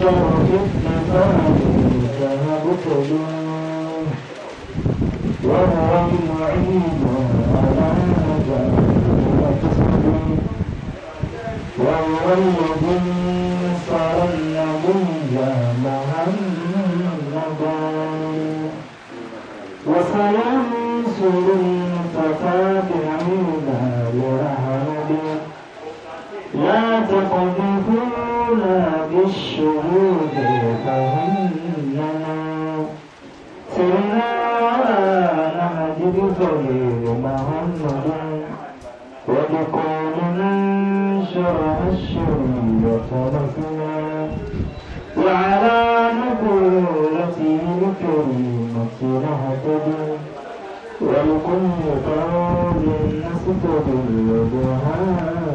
وهو الذي قوم يسكت الوجهاء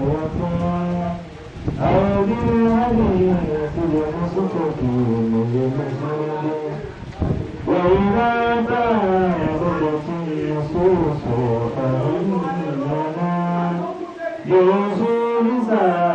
أو بالحديث لمسكت مجمسون وإذا تعبدت النصوص فإننا بوصول ساعة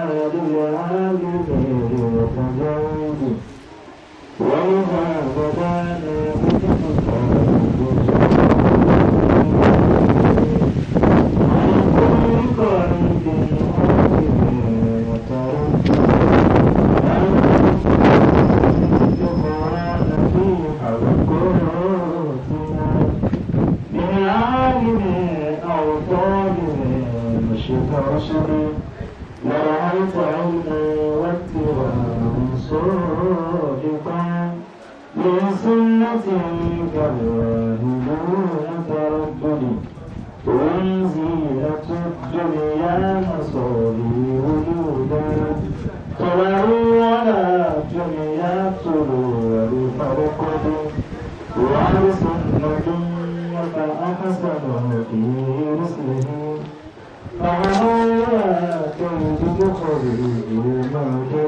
بشرا لرأيت عينا واتباعا صادقا لسنة كالواهدون تردني وزينة الدنيا مصابي وجودا طلعوا ولا جميع طلوع الفرقد وعلى سنة وفأحسن هديه قبله ما جاء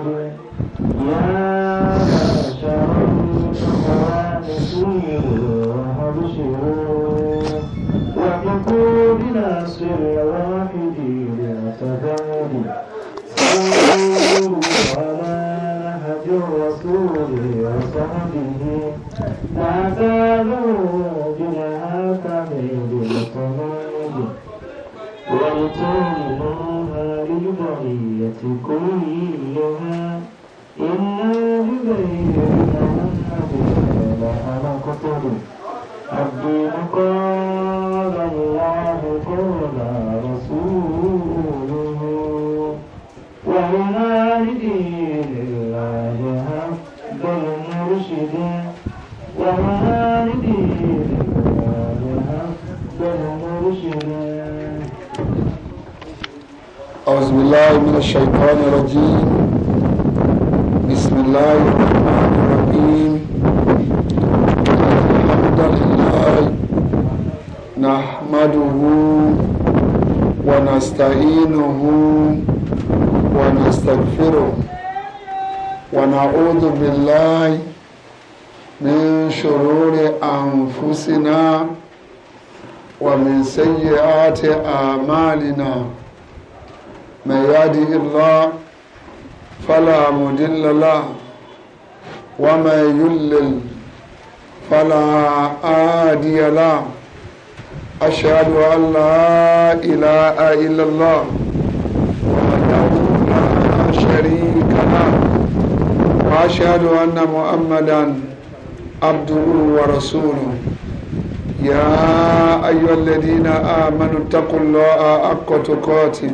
آمنوا اتقوا الله حق تقاته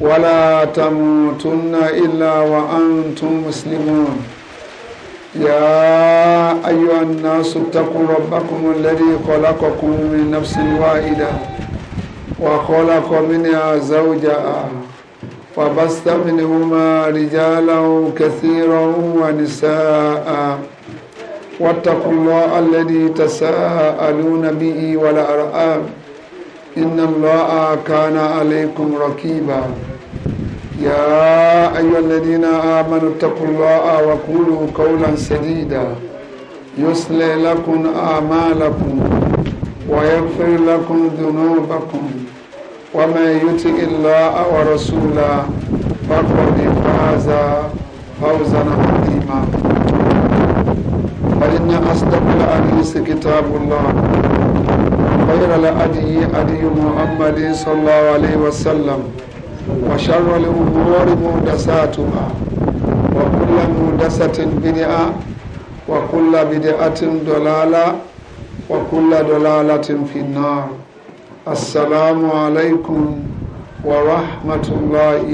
ولا تموتن إلا وأنتم مسلمون يا أيها الناس اتقوا ربكم الذي خلقكم من نفس واحدة وخلق منها زوجها فبست منهما رجالا كثيرا ونساء واتقوا الله الذي تساءلون به والأرآم إن الله كان عليكم ركيبا يا أيها الذين آمنوا اتقوا الله وقولوا قولا سديدا يصلي لكم أعمالكم ويغفر لكم ذنوبكم ومن يطع الله ورسوله فقد فاز فوزا عظيما فإن أصدق الحديث كتاب الله خير الأدي أدي محمد صلى الله عليه وسلم وشر الأمور مهدساتها وكل مهدسة بدعة وكل بدعة ضلالة وكل ضلالة في النار السلام عليكم ورحمة الله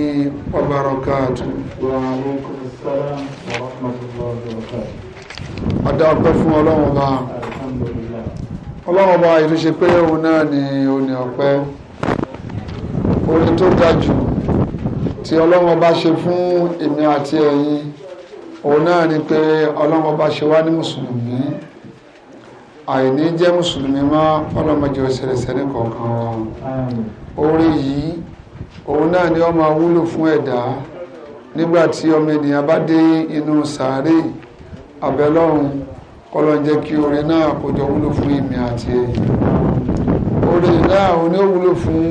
وبركاته وعليكم السلام ورحمة الله ọ̀dà ọpẹ́ fún ọlọ́run ọba ọlọ́run ọba ìlú ṣe pé òun náà ni òní ọpẹ́ orí tó ga jù tí ọlọ́run ọba ṣe fún èmi àti ẹ̀yin òun náà ni pé ọlọ́run ọba ṣe wá ní mùsùlùmí àìní jẹ́ mùsùlùmí mọ́ ọlọ́mọdé ọ̀sẹ̀rẹ̀sẹ̀rẹ̀ kọ̀ọ̀kan wọn orí yìí òun náà ni ó máa wúlò fún ẹ̀dá nígbà tí ọmọ ènìyàn bá dé inú sàárè yìí abẹ́lọ́run kọ́lọ́ jẹ́ kí orin náà kójọ wúlò fún ìmì àti ẹ̀yìn orin náà ò ní wúlò fún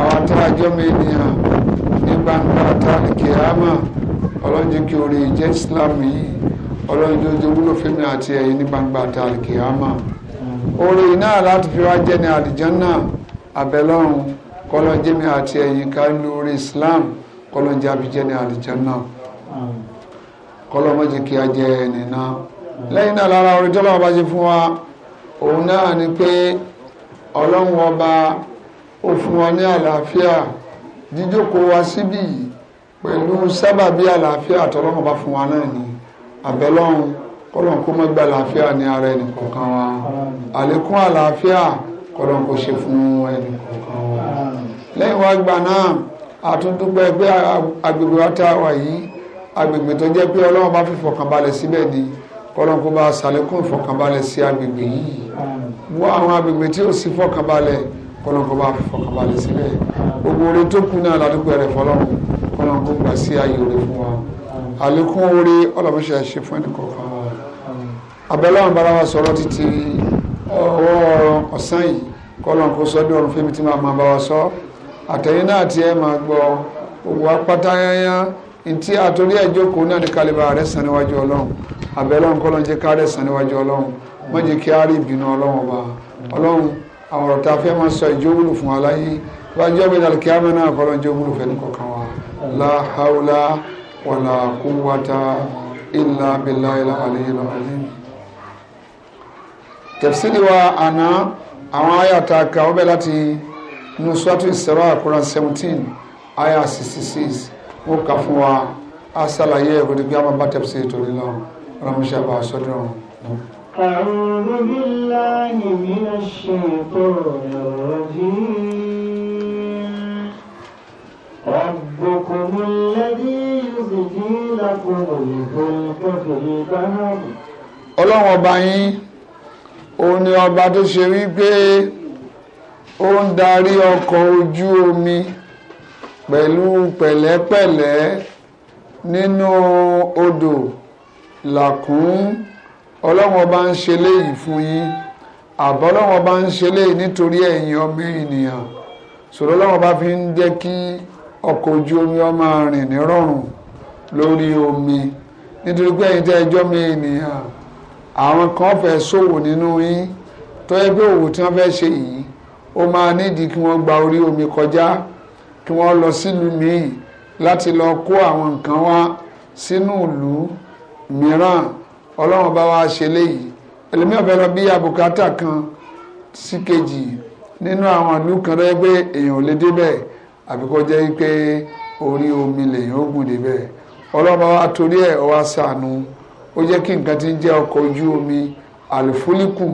àwọn tá a jọ́mọ ènìyàn ní gbangba tàlìkì àmà ọlọ́jọ́ kí orin ìjẹ́ Islam yìí ọlọ́jọ́ jẹ́ wúlò fún ìmì àti ẹ̀yìn ní gbangba tàlìkì àmà orin náà láti fi wá jẹ́ ní àlìjánná abẹ́lọ́run kọ́lọ́ jẹ́mi àti ẹ̀yìn ká lórí Islam kọ́lọ́ jẹ́ àbíjẹ́ ní àlìjánná. Amen kọlọ́mọ́jì kí a jẹ ẹni náà lẹ́yìn náà lára orin tọ́lọ́wọ́ bá ṣe fún wa òun náà ni pé ọlọ́run ọba ó fún wa ní àlàáfíà jíjókòó wa síbí yìí pẹ̀lú sábàbí àlàáfíà tọ́lọ́run bá fún wa náà ni àbẹ̀lọ́run kọ́lọ́n kó mọ́ gba àlàáfíà ní ara ẹnì kọ̀ọ̀kan wa àlékún àlàáfíà kọ́lọ́n kó ṣe fún ẹnì kọ̀ọ̀kan wa lẹ́yìn wá gbà náà àtúndúpẹ́ pé agbègbè wa tá a wà yìí agbègbè tó jẹ́ pé ọlọ́run bá fi fọkànbalẹ̀ síbẹ̀ ni kọ́lọ́n kó bá ṣàlékún ìfọkànbalẹ̀ sí agbègbè yìí mú àwọn agbègbè tí ò sí fọkànbalẹ̀ kọ́lọ́n kó bá fi fọkànbalẹ̀ síbẹ̀ gbogbo oore tó kù náà ládùúgbò rẹ̀ fọlọ́run kọ́lọ́n kó gbà sí ayé oore fún wa àlékún oore ọlọ́mọṣẹ́ ṣe fún ẹnìkọ̀ọ̀kan wa abẹ́lẹ́wọ̀n bára wa sọ̀rọ̀ títí ọwọ́ ọ̀sán yìí kọ́lọ́n ntí àtòrí ẹjọ́ kò náà ní kálíbà rẹ̀ sàn níwájú ọlọ́run àbẹ̀lọ́run kọ́ ló ń jẹ́ ká rẹ̀ sàn níwájú ọlọ́run wọ́n jẹ́ kí á rí ìbínú ọlọ́run ọba ọlọ́run àwọn ọ̀rọ̀ tá a fẹ́ máa sọ ìjó wúlò fún wa láyé wájú ọ̀bẹ dàlù kí á náà kọ́ ló wúlò fẹ́ ní kọ̀ọ̀kan wa la haula wala quwwata illa billahi al-aliyyil azim tafsiri wa àná àwọn ayàtà ka ọbẹ̀ láti nusuatu Isra Quran 17 ayà sixty wọ́n kà fún wa a ṣàlàyé ẹ̀kọ́ nígbà máa bá tẹ̀sí ètò lílọ ránṣẹ́ bá aṣọ dùn. أعوذ بالله من الشيطان الرجيم ربكم الذي يزجي لكم الفلك في البحر ọlọ́run ọba yín òun ni ọba tó ṣe wípé ó ń darí ọkọ̀ ojú omi pẹ̀lú pẹ̀lẹ́pẹ̀lẹ́ nínú odò làkún ọlọ́run ọba ń ṣe léyìí fún yín àbọ̀ ọlọ́run ọba ń ṣe léyìí nítorí ẹ̀yin ọmọ ènìyàn sọ̀rọ̀ ọlọ́run ọba fi ń jẹ́ kí ọkọ̀ ojú omi ó máa rìn nírọ̀rùn lórí omi nítorí pé ẹ̀yin tẹ́ ẹjọ́ mi ènìyàn àwọn kan fẹ́ ṣòwò nínú yín tó yẹ pé òwò tí wọ́n fẹ́ ṣe yìí ó máa nídìí kí wọ́n gba orí omi kọjá kí wọ́n lọ sílùú míì láti lọ kó àwọn nǹkan wá sínú ìlú mìíràn ọlọ́run bá wá ṣe léyìí ẹlòmíì ọ̀fẹ́ lọ bí àbùkátà kan sí kejì nínú àwọn ìlú kan rẹ pé èèyàn ò lè débẹ̀ àbí kó jẹ́ pé orí omi lèèyàn ó gùn débẹ̀ ọlọ́run bá wá torí ẹ̀ ọ wá ṣàánú ó jẹ́ kí nǹkan ti ń jẹ́ ọkọ̀ ojú omi àlùfólíkù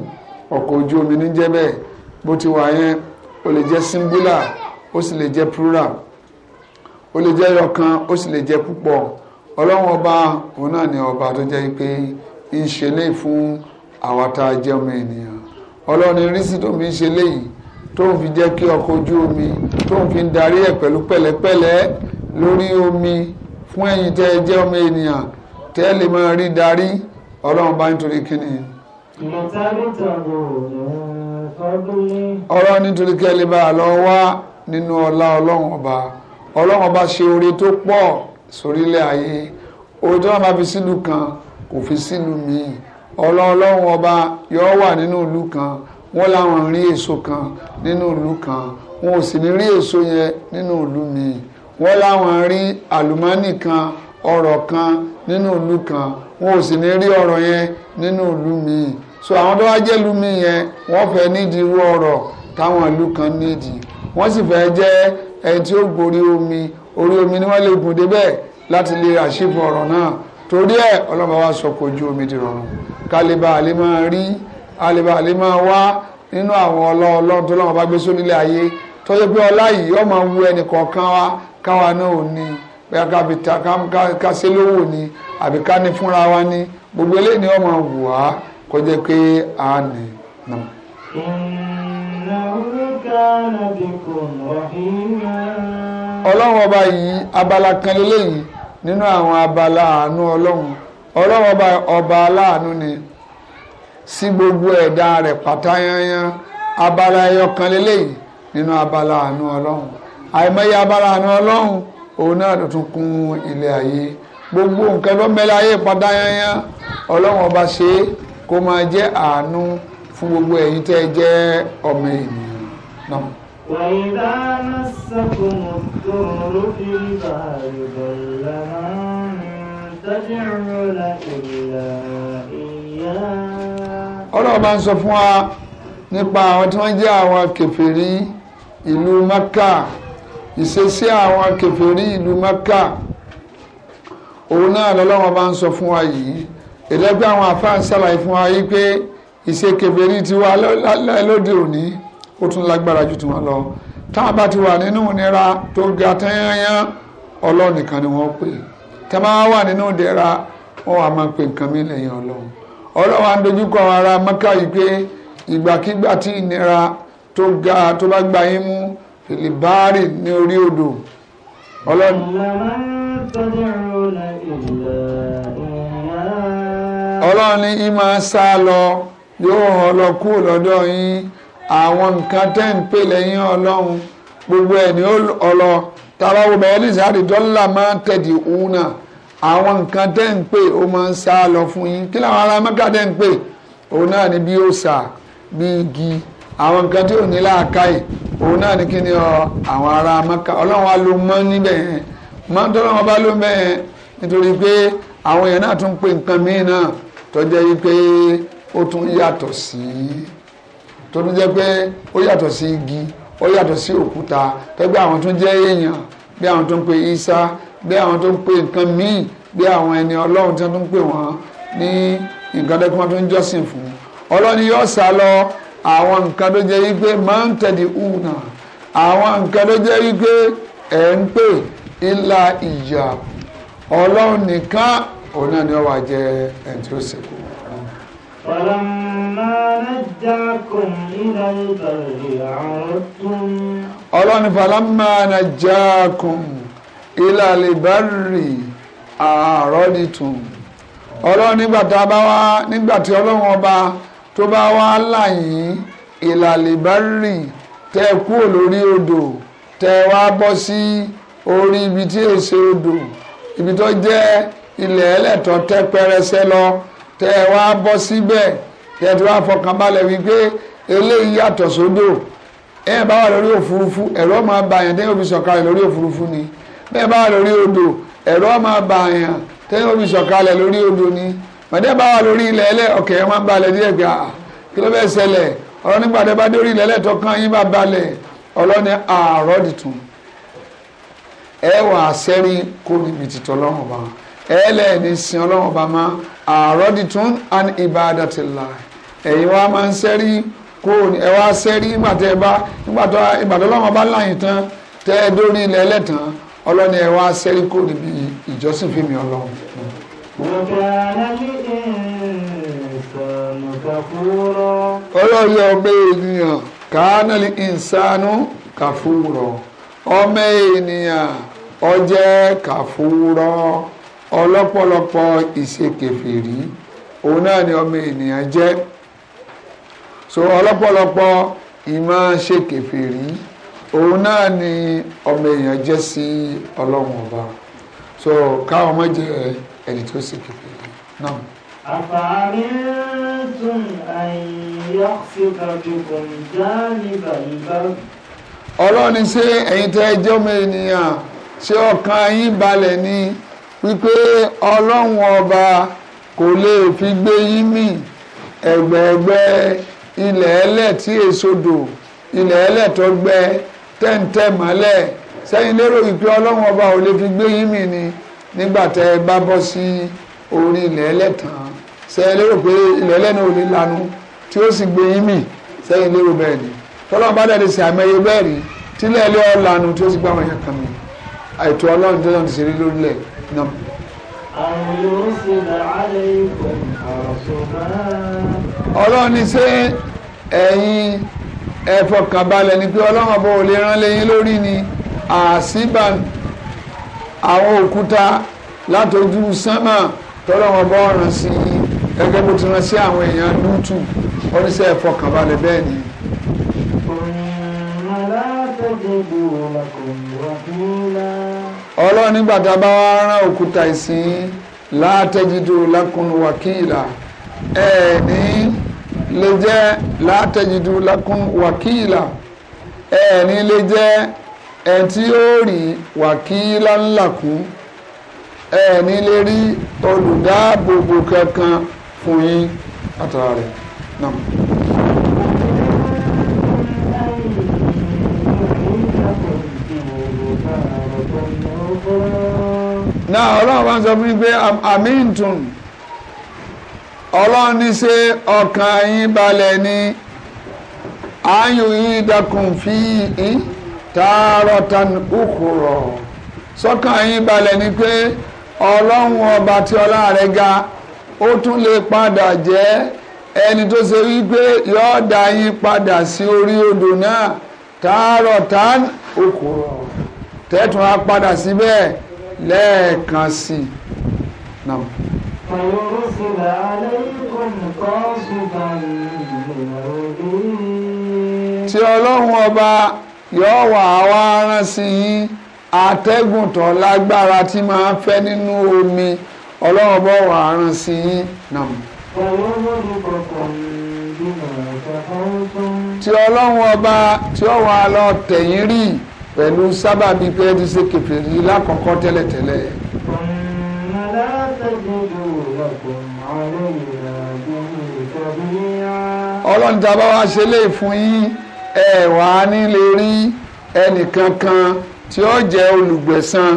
ọkọ̀ ojú omi ní jẹ́ bẹ́ẹ̀ bó ti wà yẹn ó lè jẹ́ símbúlà ó sì lè jẹ́ plural ó lè jẹ́ ẹyọkan ó sì lè jẹ́ púpọ̀ ọlọ́run ọba òun náà ni ọba tó jẹ́ pé ń ṣe léyìí fún àwa tá a jẹ́ ọmọ ènìyàn ọlọ́run irísí tó fi ń ṣe léyìí tó ń fi jẹ́ kí ọkọ̀ ojú omi tó ń fi ń darí ẹ̀ pẹ̀lú pẹ̀lẹ́pẹ̀lẹ́ lórí omi fún ẹ̀yin tẹ́ ẹ jẹ́ ọmọ ènìyàn tẹ́ ẹ lè máa rí darí ọlọ́run bá nítorí kíni. ọ̀rọ̀ nítorí kí bá a lọ wá nínú ọlá ọlọ́run ọba ọlọ́run ọba ṣe oore tó pọ̀ sórílẹ̀ ayé oore tó máa fi sílùú kan kò fi sílùú míì ọlọ́run ọba yọ wà nínú ìlú kan wọ́n láwọn rí èso kan nínú ìlú kan wọn ò sì ní rí èso yẹn nínú ìlú míì wọ́n láwọn rí àlùmọ́nì kan ọ̀rọ̀ kan nínú ìlú kan wọn ò sì ní rí ọ̀rọ̀ yẹn nínú ìlú míì so àwọn tó wá jẹ́ ìlú míì yẹn wọ́n fẹ́ nídìí irú ọ̀rọ̀ táwọn ìlú kan nídìí wọ́n sì fẹ́ jẹ́ ẹni tí ó gorí omi orí omi ni wọ́n lè gùn débẹ̀ láti lè àṣìbò ọ̀rọ̀ náà torí ẹ̀ ọlọ́ba wa sọ kò ju omi dìrọ̀rùn kálíbà àlè máa rí àlèbà àlè máa wá nínú àwọn ọlọ́ọ̀lọ́run tó lọ́wọ́ bá gbé sórílẹ̀ ayé tó yẹ pé ọlá yìí ọmọ wu ẹnì kọ̀ọ̀kan wa káwa náà ò ní kábi ta ká lówó ni àbí ká ní fúnra wa ní gbogbo eléyìí ni ọmọ wù wá kó pé a ọlọ́run ọba yìí abala kan lélẹ́yìn nínú àwọn abala àánú ọlọ́run ọlọ́run ọba ọba aláàánú ni sí gbogbo ẹ̀dá rẹ̀ pàtàyányán abala ẹyọ kan lélẹ́yìn nínú abala àánú ọlọ́run àìmọye abala àánú ọlọ́run òun náà tó tún kún ilé ayé gbogbo nǹkan ló mẹ́lẹ̀ ayé pàtàyányán ọlọ́run ọba ṣe kó máa jẹ́ àánú fún gbogbo ẹ̀yin tẹ́ jẹ́ ọmọ ènìyàn. نعم وإذا مسكم الضر في البحر ضل من تدعون إلا إياه ọlọ́run bá ń sọ fún wa nípa àwọn tí wọ́n jẹ́ àwọn kèfèrí ìlú maka ìṣesí àwọn kèfèrí ìlú maka òun náà lọ́lọ́run bá ń sọ fún wa yìí ẹlẹ́gbẹ́ àwọn àfáà ṣàlàyé fún wa yìí pé ìṣe kèfèrí tiwa lóde òní ó tún lágbára ju tiwọn lọ tá a bá ti wà nínú ìnira tó ga tẹ́yányán ọlọ́run nìkan ni wọ́n pè tá a bá wà nínú ìdẹ̀ra wọ́n wà máa pe nǹkan mi lẹ́yìn ọlọ́run ọlọ́run á dojú kọ àwọn ará mọ́kà yìí pé ìgbàkigbà tí ìnira tó ga tó bá gba yín mú fìlìbárì ní orí odò ọlọ́run. ọlọ́run ní sá lọ yóò hàn lọ kúrò lọ́dọ̀ yín àwọn nǹkan tẹ́ ń pè lẹ́yìn ọlọ́run gbogbo ẹ̀ ní ọlọ tàbá wo bẹ̀rẹ̀ ní sáàdì dọ́là máa ń tẹ̀dí òun náà àwọn nǹkan tẹ́ ń pè ó máa ń sá lọ fún yín kí làwọn ará mẹ́ta tẹ́ ń pè òun náà ni bí òòṣà bí igi àwọn nǹkan tí ò ní láàkáyè òun náà ni kí ni àwọn ará mẹ́ta ọlọ́run wa ló mọ́ níbẹ̀ yẹn mọ́ tọ́lọ́run bá ló bẹ̀ yẹn nítorí pé àwọn èèyàn náà tún pè nǹkan míì náà tọ́jẹ́ yí pé ó tún yàtọ̀ sí i tó ní jẹ́ pé ó yàtọ̀ sí igi ó yàtọ̀ sí òkúta tẹ́gbẹ́ àwọn tó ń jẹ́ èèyàn bí àwọn tó ń pe isa bí àwọn tó ń pe nǹkan míì bí àwọn ẹni ọlọ́run tí wọ́n tó ń pè wọ́n ní nǹkan tó kí wọ́n tó ń jọ́sìn fún ọlọ́ni yóò sá lọ àwọn nǹkan tó jẹ́ wípé máa ń tẹ̀lé ùnà àwọn nǹkan tó jẹ́ wípé ẹ̀ ń pè ńlá ìyà ọlọ́run nìkan òun náà ni ó wà jẹ ẹni tí ó sèkú. ọlọ́run ọlọ́ni falamma najjakum ila al-barri àrọ́dìtùn ọlọ́run nígbà tá a bá wá nígbà tí ọlọ́run ọba tó bá wá láyìn ìlàlìbárì tẹ kúrò lórí odò tẹ wá bọ́ sí orí ibi tí èsè odò ibi tó jẹ́ ilẹ̀ ẹlẹ́tọ̀ tẹ pẹrẹsẹ lọ tẹ wá bọ́ síbẹ̀. Si kí ẹ ti wá fọkàn balẹ̀ wípé eléyìí yàtọ̀ sódò ẹ̀yìn bá wà lórí òfurufú ẹ̀rọ máa bà yẹn tẹ́yìn òbí lórí òfurufú ni bẹ́ẹ̀ bá wà lórí odò ẹ̀rọ máa bà yẹn tẹ́yìn òbí lórí odò ni mọ̀tẹ́ bá wà lórí ilẹ̀ ẹlẹ́ ọ̀kẹ́ ẹ̀ máa balẹ̀ díẹ̀ gbà kí ló bẹ́ẹ̀ ṣẹlẹ̀ ọ̀rọ̀ nígbà tẹ́ bá dé orí ilẹ̀ ẹlẹ́ tọkàn yín bá balẹ̀ ọlọ́ni àárọ̀ dìtún ẹ wà ẹ̀yin wa máa ń sẹ́rí kúrò ẹ wá sẹ́rí nígbà bá nígbà tó ìgbà bá láyìn tán tẹ́ ẹ dórí ilẹ̀ ẹlẹ́tàn ọlọ́ni ẹ wá sẹ́rí kúrò níbi ìjọsìn fèmí ọlọ́run. ọlọ́yọ̀ ọmọ ènìyàn kánálì ìsánú kàfúrọ̀ ọmọ ènìyàn ọjẹ́ kàfúrọ̀ ọlọ́pọ̀lọpọ̀ ìṣekèfèrí òun náà ni ọmọ ènìyàn jẹ. so ọlọ́pọ̀lọpọ̀ ìmọ̀ ṣe kèfèrí òun náà ni ọmọ èèyàn jẹ́ sí ọlọ́run ọba so káwọn ọmọ jẹ ẹni tó ṣe kèfèrí náà. أفعلتم أن يخسف بكم جانب البر ọlọ́run ní ṣé ẹ̀yin tẹ́ ẹ jọ́mọ ènìyàn ṣé ọkàn yín balẹ̀ ni wípé ọlọ́run ọba kò lè fi gbé yín mì ẹ̀gbẹ̀ẹ̀gbẹ́ ilẹ̀ ẹlẹ̀ tí èsodò ilẹ̀ ẹlẹ̀ tó gbẹ tẹ́ǹtẹ́ mọ́lẹ̀ sẹ́yìn lérò ìpè ọlọ́run ọba ò lè fi gbé yín mì ni nígbà tẹ́ ẹ bá bọ́ sí orí ilẹ̀ ẹlẹ̀ tán sẹ́yìn lérò pé ilẹ̀ ẹlẹ̀ náà ò lè lanu tí ó sì gbé yín mì sẹ́yìn lérò bẹ́ẹ̀ ni tọ́lọ́run bá dẹ̀ sí àmẹ́yẹ bẹ́ẹ̀ rí tílẹ̀ ẹlẹ́ ọ̀lànà tí ó sì gbá wọn yẹn kàn mí àìtó ọlọ́run tó náà ti ṣe rí lórílẹ̀ náà ọlọ́run ní ṣé ẹ̀yin ẹ̀fọ̀kànbalẹ̀ ni pé ọlọ́run ọba ò lè rán lẹ́yìn lórí ni àṣìbàn àwọn òkúta látọjú sánmà tọ́lọ́run ọba ọ̀ràn sí i gẹ́gẹ́ bó ti rán sí àwọn èèyàn lútù oníṣẹ́ ẹ̀fọ̀kànbalẹ̀ bẹ́ẹ̀ ni. ọ̀nà aláàtọ̀jẹ̀ bí wọ́n wà fún un náà ọlọ́run nígbà tá a bá wá rán òkúta ìsìn látẹ́jìdò lákùnrin wákìlà ẹ̀ ní lè jẹ́ látẹ́jìdò lákùnrin wákìlà ẹ̀ ní lè jẹ́ ẹ̀ tí ó rí wákìlà ńlá kú lè rí olùdáàbòbò kankan fún yín àtàrà rẹ̀ náà. na ọlọ́run bá ń sọ fún mi pé amíntun ọlọ́run ní ṣe ọkàn yín balẹ̀ ni ayùn yín dakùn fi yín tààrọ̀ tan òkúrọ̀ sọ́kàn yín balẹ̀ ni pé ọlọ́run ọba tí ọlá rẹ̀ ga ó tún lè padà jẹ́ ẹni tó ṣe wípé yóò dá yín padà sí orí odò náà tààrọ̀ tan òkúrọ̀ tẹ́tùn á padà síbẹ̀. Si lẹ́ẹ̀kan sí i. Nam. Fàyọ̀rọ̀sílẹ̀ aláìkùn kan ṣùgbà tí ọlọ́run ọba yóò wà wá rán sí yín atẹ́gùn tó lágbára tí máa ń fẹ́ nínú omi ọlọ́run ọba wà rán sí yín tí ọlọ́run ọba tí ó wà lọ tẹ̀yìn rí i pẹ̀lú sábàbí pé ẹ ti ṣe kèfèrí lákọ̀ọ́kọ́ tẹ́lẹ̀tẹ́lẹ̀. ọlọ́run tá bá wá ṣe léè fún yín ẹ wà á ní rí ẹnìkankan tí ó jẹ́ olùgbẹ̀san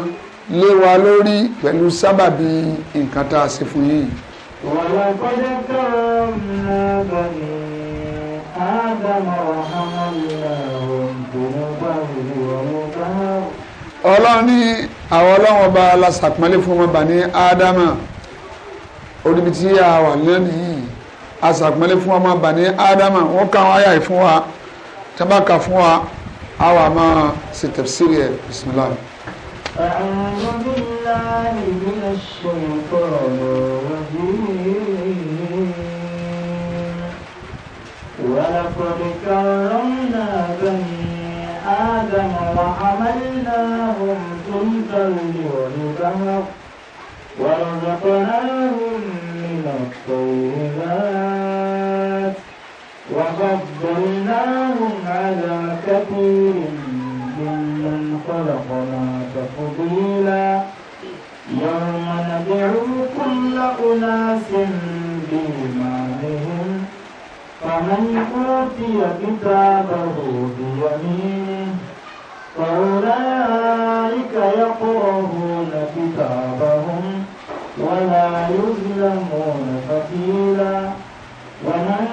lé wa lórí pẹ̀lú sábàbí nǹkan tá a ṣe fún yín. ولقد كرمنا بني آدم وحملناهم ذنوبهم ọlọ́run ní àwọn ọlọ́run ọba alasàpọ́nlé fún ọmọ bani ádámà oríbi tí a wà lónìí asàpọ́nlé fún ọmọ bani ádámà wọ́n ká àwọn àyà yìí fún wa tábàkà fún wa a wà máa ṣe tafsiri ẹ̀ bisimilahi. أعوذ بالله من الشيطان أناس بإيمانهم فمن أوتي كتابه بيمينه فأولئك يقرؤون كتابهم ولا يظلمون فتيلا ومن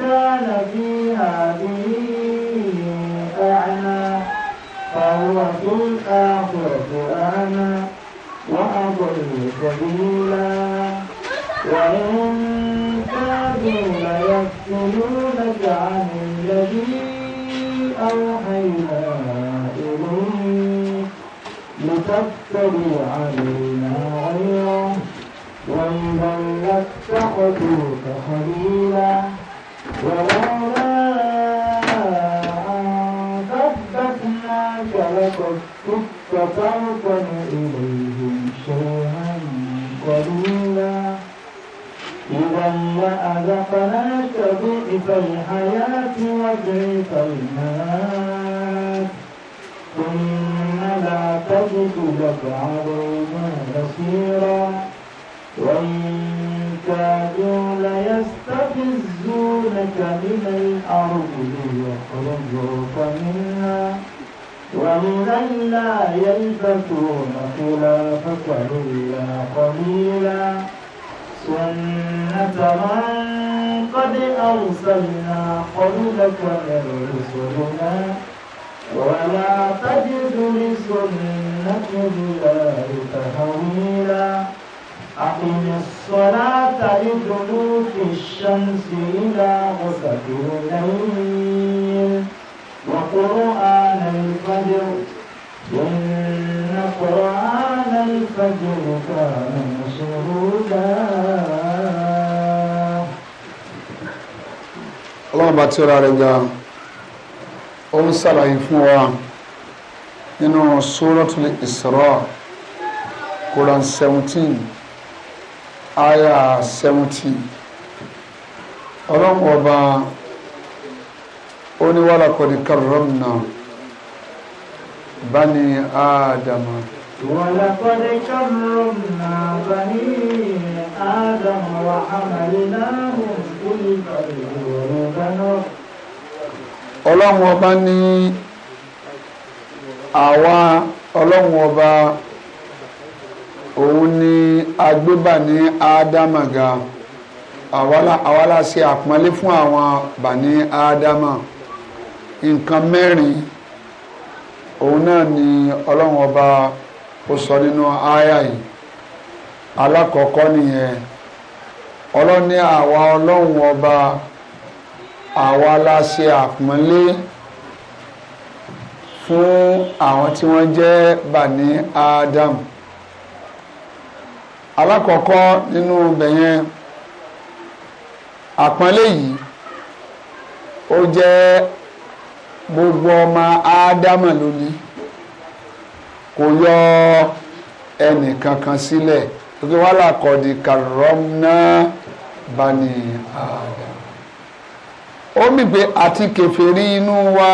كان في هذه أعمى فهو في الآخرة أعمى وأضل سبيلا وإن كانوا ليفتنونك عن الذي أوحينا إليك لتفتروا علينا غيره وإذا لاتخذوك خليلا ولولا أن ثبتناك لقد كنت تركن إليهم شيئا قليلا أذقناك ضعف الحياة وضعف الممات ثم لا تجد لك عظيما نصيرا وإن كادوا ليستفزونك من الأرض ليخرجوك منها ومن لا يلبثون خلافك إلا قليلا سنة من قد أرسلنا قبلك من رسلنا ولا تجد لسنة الله تهويلا أقم الصلاة لدلوك الشمس إلى غسق الليل وقرآن الفجر إن قرآن الفجر كان مشهودا ọlọ́run bá tí ó ra rẹ̀ ga ó ń ṣàlàyé fún wa nínú suratul Isra Quran seventeen aya seventeen ọlọ́run ọba ó ní wa laqad karramna bani Adama. ولقد كرمنا بني آدم وحملناهم ọlọ́run ọba ní àwa ọlọ́run ọba òun ni agbébà ní ádámàga àwa la ṣe àpọ́nlé fún àwọn bà ní ádámà nǹkan mẹ́rin òun náà ni ọlọ́run ọba ó sọ nínú àyà yìí alákọ̀ọ́kọ́ nìyẹn ọlọ́run ní àwa ọlọ́run ọba àwa la ṣe àpọ́nlé fún àwọn tí wọ́n jẹ́ bani Adam alákọ̀ọ́kọ́ nínú bẹ̀yẹn àpọ́nlé yìí ó jẹ́ gbogbo ọmọ Ádámà lónìí kò yọ ẹnì kankan sílẹ̀ wípé wàhálà kọ̀ọ̀dì kàrọ́m náà bani adam ó mì ati àti kèfèrí inú wa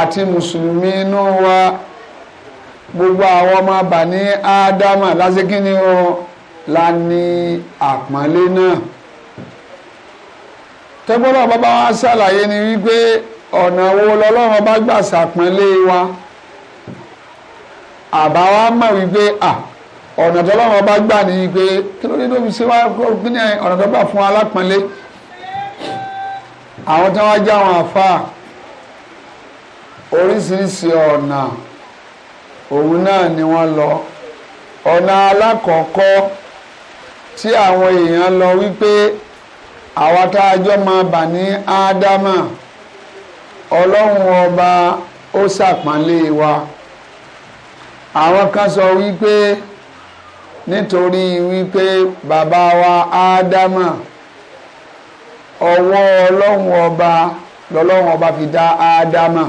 àti mùsùlùmí inú wa gbogbo àwọn ọmọ bani Adama. lásìkíní o la ní àpọ́nlé náà tẹ́gbọ́dọ̀ bàbá wa ṣàlàyé ni wípé ọ̀nà wo lọ́lọ́run bá gbà ṣàpọ́nlé wa àbá wa mọ̀ wípé Ah, ọ̀nà tó lọ́wọ́ bá gbà ní pé kí ló dé tó fi ṣe wá gbìnà ọ̀nà tó gbà fún alápọ̀nlé àwọn tí wọ́n já wọn àfa oríṣiríṣi ọ̀nà òun náà ni wọ́n lọ ọ̀nà alákọ̀ọ́kọ́ tí àwọn èèyàn lọ wípé àwa tá a jọ máa bà ní ádámà ọlọ́run ọba ó ṣàpọ́nlé wa àwọn kan sọ wípé nítorí wípé bàbá wa ádámà ọwọ́ ọlọ́run ọba lọ́lọ́run ọba fi dá ádámà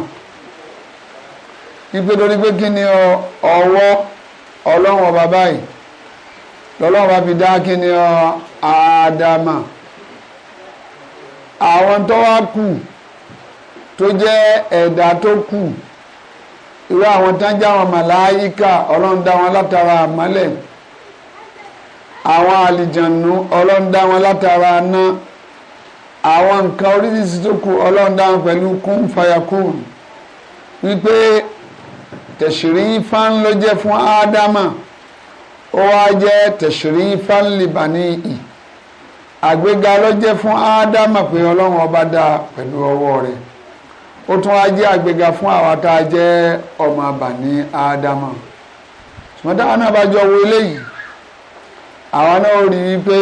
wípé torí pé kí ni ọwọ́ ọlọ́run ọba báyìí lọ́lọ́run ọba fi dá kí ni ádámà àwọn tó wá kù tó jẹ́ ẹ̀dá tó kù irú àwọn tán jẹ́ màláyíkà ọlọ́run dá wọn látara àmọ́lẹ̀ àwọn àlìjànú ọlọ́run dá wọn látara ná àwọn nǹkan oríṣiríṣi tó kù ọlọ́run dá wọn pẹ̀lú kún fàyàkùn wípé tẹ̀sírí fán ló jẹ́ fún ádámà ó wá jẹ́ tẹ̀sírí fán libani ì àgbéga ló jẹ́ fún ádámà pé ọlọ́run ọba dá pẹ̀lú ọwọ́ rẹ̀ ó tún wá jẹ́ àgbéga fún àwa tá a jẹ́ ọmọ bani ádámà ṣùgbọ́n táwọn náà bá jọ wo eléyìí àwọn náà rí i pé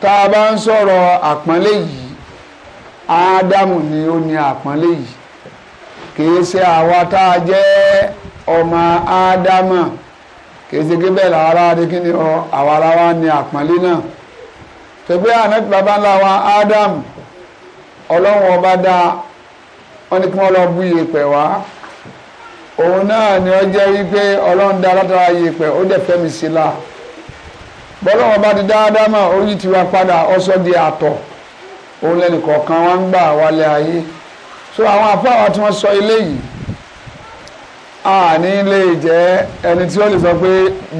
tá a bá ń sọ̀rọ̀ àpọ́nlé yìí ádámù ni ó ní àpọ́nlé yìí kìí ṣe àwa tá a jẹ́ ọmọ ádámù kìí ṣe kí bẹ́ẹ̀ làwọn ará kí ni àwa ara wa ní àpọ́nlé náà tẹ̀gbẹ́ àná bàbá ńlá wa ádámù ọlọ́run ọba dá wọ́n ní kí wọ́n lọ bú iyèpẹ̀ wá òun náà ni ó jẹ́ wípé ọlọ́run dá látara iyèpẹ̀ ó dẹ̀ fẹ́mi sí la bọ́lọ́wọ́n bá ti dáadáa mà orí ti wá padà ọsọ di àtọ̀ òun lẹ́nu kọ̀ọ̀kan wá ń gbà wálé ayé so àwọn àfáà tí wọ́n sọ eléyìí àní lè jẹ́ ẹni tí wọ́n lè sọ pé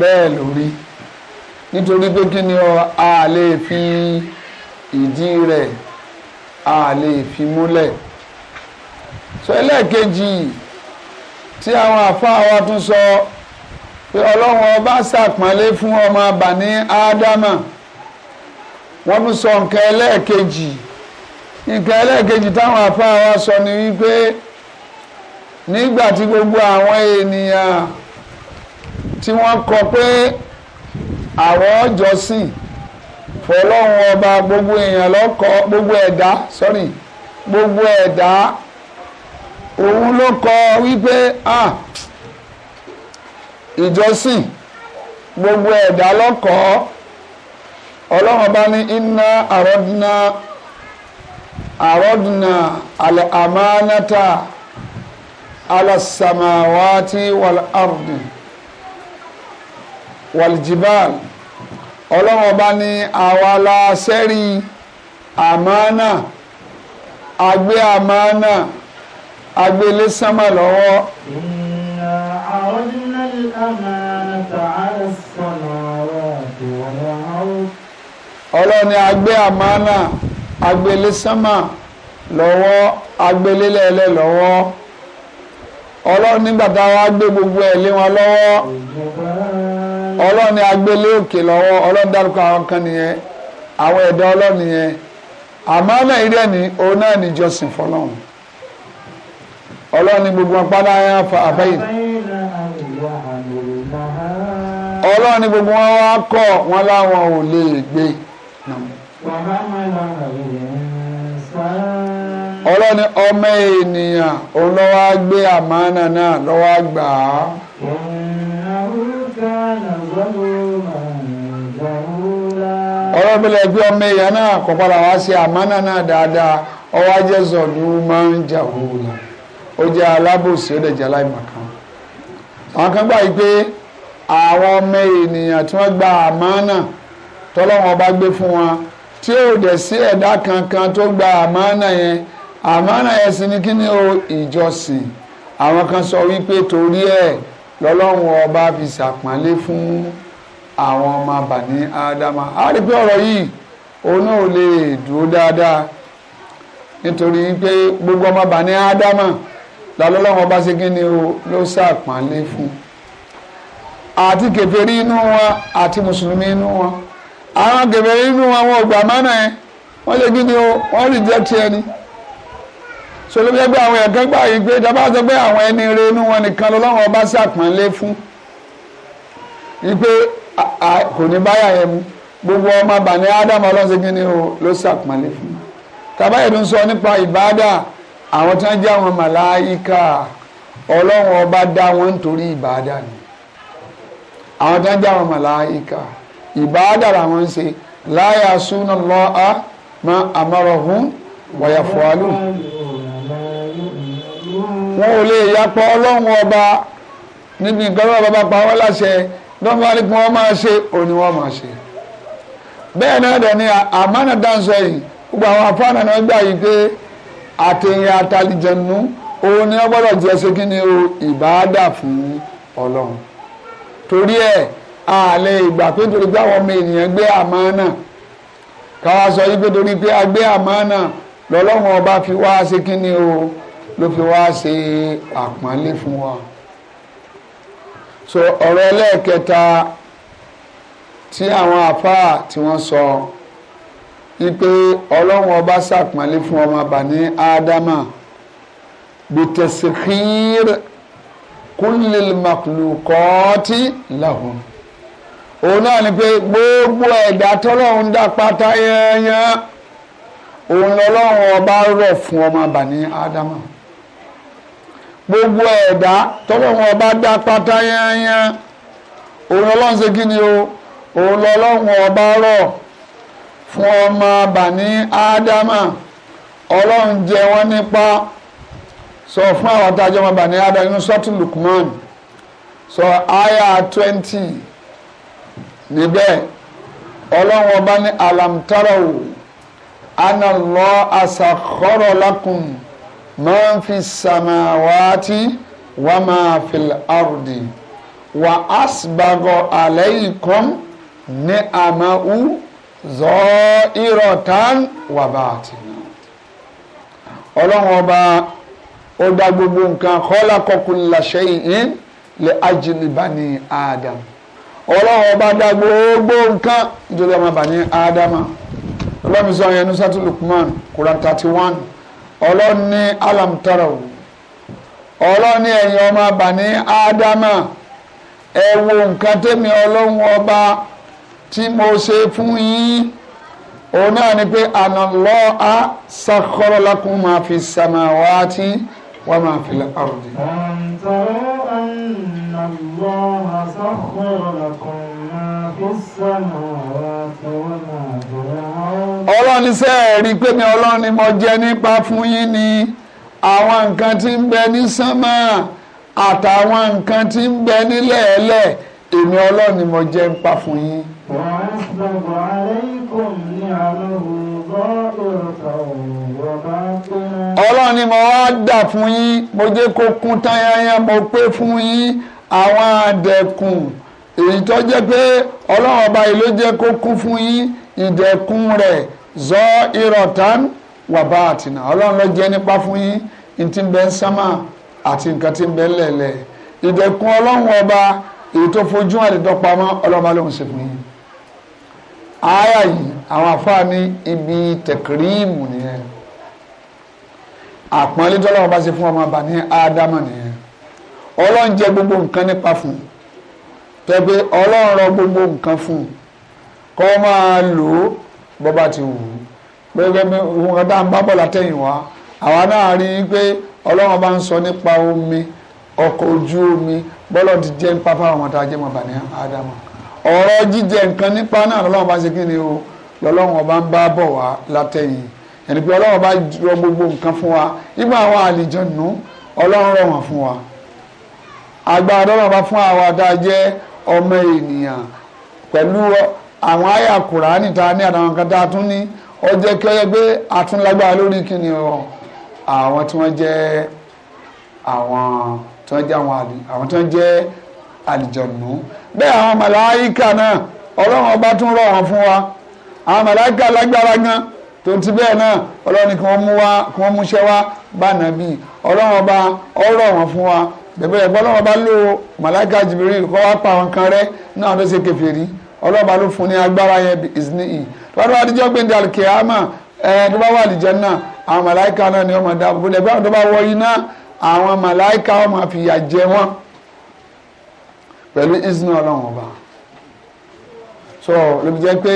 bẹ́ẹ̀ lórí nítorí pé kí ni ọ a lè fi ìdí rẹ̀ a lè fi múlẹ̀ so ẹlẹ́ẹ̀kejì tí àwọn àfáà wa tún sọ. So, pé ọlọ́run ọba ṣàpọ́nlé fún ọmọ bani ádámà wọ́n tún sọ nǹkan ẹlẹ́ẹ̀kejì nǹkan ẹlẹ́ẹ̀kejì táwọn àfáà wa sọ ni wípé nígbà tí gbogbo àwọn ènìyàn tí wọ́n kọ pé àwọn ọjọ́sìn fọlọ́run ọba gbogbo èèyàn lọ́kọ gbogbo ẹ̀dá sorry gbogbo ẹ̀dá òun ló kọ wípé ah ìjọsìn gbogbo ẹ̀dá lọ́kọ̀ọ́ ọlọ́run bá ní iná àrọ́dúnà àrọ́dúnà àlẹ́ àmánátà alàsàmáwátì wàlárùn wàlìjìbáàl ọlọ́run bá ní àwa la sẹ́rí àmánà àgbé àmánà àgbélé sánmà lọ́wọ́. Mm -hmm. ọlọ́ni agbé àmánà agbélé sánmà lọ́wọ́ agbélélẹ́lẹ́ lọ́wọ́ ọlọ́run nígbà tá a gbé gbogbo ẹ̀ lé wọn lọ́wọ́ ni agbélé òkè lọ́wọ́ ọlọ́run dárúkọ àwọn kan nìyẹn àwọn ẹ̀dá ọlọ́run nìyẹn àmánà ìrẹ́ ni òun náà ni gbogbo wọn yẹn ọlọ́run ní gbogbo wọn wá kọ̀ wọn láwọn ò lè gbé. ọlọ́run ní ọmọ ènìyàn òun wá gbé àmánà náà ló wá gbà á. ọlọ́run bí lè gbé ọmọ èèyàn náà kọ̀ padà wá sí àmánà náà dáadáa ọwọ́ ajẹ́sọ̀dù máa ń jà òun ó jẹ́ alábòsí ó dẹ̀ jẹ́ aláìmọ̀kan àwọn kan gbà yí pé àwọn ọmọ ènìyàn tí wọ́n gba àmánà tọ́lọ́wọ́n bá gbé fún wọn tí ò dẹ̀ sí ẹ̀dá kankan tó gba àmánà yẹn àmánà yẹn sì ni kí ni o ìjọsìn àwọn kan sọ wípé torí ẹ̀ lọ́lọ́run ọba fi ṣàpọ́nlé fún àwọn ọmọ bàní ádámà á rí pé ọ̀rọ̀ yìí òun náà ò lè dúró dáadáa nítorí pé gbogbo ọmọ bàní ádámà lọ́lọ́run ọba ṣe kí ni o ló ṣàpọ́nlé fún un àti kèfèrí inú wọn àti mùsùlùmí inú wọn àwọn kèfèrí inú wọn wọn ò gbà mọ́nà ẹ wọ́n ṣe kí ni o rí jẹ tiẹ̀ ni solóbi ẹgbẹ́ àwọn ẹ̀kẹ́ gbà pé sọ pé àwọn ẹni rẹ inú wọn nìkan lọ́wọ́ ọba ṣàpọ́nlé fún kò ní gbogbo ọmọ àwọn tó ń jẹ́ àwọn màláìka ìbáàdà làwọn ń ṣe láyà súná lọ́ a ma àmọ́rọ̀ hún wọ̀yà fọ́ọ́lù. wọn ò lè yapọ̀ ọlọ́run ọba níbi nǹkan náà bàbá pa wọ́n láṣẹ lọ́mọ wa ni kí wọ́n máa ṣe òní wọ́n máa ṣe. bẹ́ẹ̀ náà dẹ̀ ni àmánà dáńsọ yìí gbogbo àwọn afáànà náà gbà yìí pé àtẹ̀yìn àtàlìjẹ̀nu òun ni wọ́n gbọ́dọ̀ jẹ́ ṣe ni ìbáàdà fún ọlọ́run torí ẹ̀ àlẹ́ ìgbà pé torí pé àwọn ọmọ ènìyàn gbé àmánà káwa sọ yìí pé torí pé a gbé àmánà lọ́lọ́run ọba fi wá ṣe kínní o ló fi wá ṣe àpọ́nlé fún wa so ọ̀rọ̀ ẹlẹ́ẹ̀kẹta tí àwọn àfáà tí wọ́n sọ wípé ọlọ́run ọba ṣàpọ́nlé fún ọmọ bàní ádámà bìtẹ̀síkìrì kullil makhluqati lahum òun náà ni pé gbogbo ẹ̀dá tọ́lọ́run dá pátá yẹ́nyẹ́n òun lọ́lọ́run ọba rọ̀ fún ọmọ bani ádámà gbogbo ẹ̀dá tọ́lọ́run ọba dá pátá yẹ́nyẹ́n òun lọ́lọ́run ṣe kí ni o òun lọ́lọ́run ọba rọ̀ fún ọmọ bani ádámà ọlọ́run jẹ wọ́n nípa so fún àwọn adájọ́ máa bà ní adam inú sọ́tún Lukman sọ aya twenty níbẹ̀ ọlọ́run ọba ní alamtarawo analọ asakọrọ lakum máa ń fi samawati wa máa fi ardi wa asbagọ alaykum ní àmàú zọ ìrọ̀tán wàbàtì ọlọ́run ọba ó dá gbogbo nǹkan khalaqa kulla shay'in li ajli bani Adam ọlọ́run ọba dá gbogbo nǹkan nítorí ọmọ bani Adam ọlọ́run sọ yẹn nusatu Luqman Quran thirty one ọlọ́run ní alam tara o ọlọ́run ní ẹ̀yin ọmọ bani Adam ẹ wo nǹkan tẹ́mi ọlọ́run ọba tí mo ṣe fún yín òun náà ni pé àná lọ́ọ́ a sakhkhara lakum ma fi samawati. وما في الأرض ألم تروا أن الله سخر لكم ما في السماوات وما في الأرض ọlọ́run ní sẹ́ẹ̀ rí i pé mi ọlọ́run ni mo jẹ nípa fún yín ni àwọn nǹkan tí ń bẹ ní sánmà àtàwọn nǹkan tí ń bẹ nílẹ̀ ẹ̀lẹ̀ èmi ọlọ́run ni mo jẹ nípa fún yín. wàá sọ̀rọ̀ àlẹ́ ikùn ní àlọ́ òwúrọ̀ ìrọ̀tà òun ọlọ́run ni mo wá dà fún yín mo jẹ́ kó kún tányányá mo pé fún yín àwọn àdẹ̀kùn èyí tó jẹ́ pé ọlọ́run ọba yìí ló jẹ́ kó kún fún yín ìdẹ̀kùn rẹ̀ zọ ìrọ̀tán wàbá àtìnà ọlọ́run ló jẹ́ nípa fún yín ní ti ń bẹ àti nǹkan ti ń bẹ ń lẹ̀lẹ̀ ìdẹ̀kùn ọlọ́run ọba èyí tó fojú àdìdọ́pamọ́ ọlọ́run ọba lòun sì fún yín. ààyè àwọn àfáà ibi tẹ̀kírímù nìyẹn àpọ́nlé tọ́lọ́wọ́ bá ṣe fún ọmọ bá ní ádámà nìyẹn ọlọ́run gbogbo nǹkan nípa fún un tẹ́gbẹ́ ọlọ́run rọ gbogbo nǹkan fún un kọ́ máa lò ó ti wù ú pé gẹ́gẹ́ ohun ń bá wá àwa náà rí i pé ọlọ́run bá ń sọ nípa omi ọkọ̀ ojú omi bọ́lọ̀ ti jẹ́ nípa fáwọn ọmọ ni o lọ́lọ́run ọba ń bá bọ̀ wá látẹ̀yìn ẹni pé ọlọ́run bá rọ gbogbo nǹkan fún wa nígbà àwọn àlìjọ̀nù ọlọ́run rọ̀ wọ́n fún wa agbára ọlọ́run bá fún àwa tá a jẹ́ ọmọ ènìyàn pẹ̀lú àwọn àyà kùránì tá ní àtàwọn kan tá a tún ní ó jẹ́ kí ó yẹ pé a tún lágbára lórí kí ni ọ àwọn tí wọ́n jẹ́ àwọn tí wọ́n jẹ́ àwọn àlì àwọn tí wọ́n jẹ́ àlìjọ̀nù bẹ́ẹ̀ àwọn màláíkà náà ọlọ́run ọba tún rọ̀ wọ́n fún wa àwọn màláíkà lágbára gan-an tó ti bẹ́ẹ̀ náà ọlọ́run ni kí wọ́n mú wá kí wọ́n múṣẹ́ wá bá nàbí ọlọ́run ọba ọ̀rọ̀ wọn fún wa bẹ̀bẹ̀ ẹ̀gbọ́n ọlọ́run ọba lò màláìka jìbìrì kọ́ wá pa àwọn kan rẹ náà tó ṣe kèfèrí ọlọ́run ọba ló fún ní agbára yẹn ìsìnìyí tó bá tó bá dijọ́ gbé ní alikiyama ẹ tó bá wà àlìjẹ́ náà àwọn màláìka náà ni wọ́n máa dáàbò bó lẹ́gbẹ́ àwọn tó bá wọ iná àwọn màláìka wọ́n máa fìyà jẹ wọ́n pẹ̀lú ìsìn ọlọ́run ọba so lóbi jẹ́ pé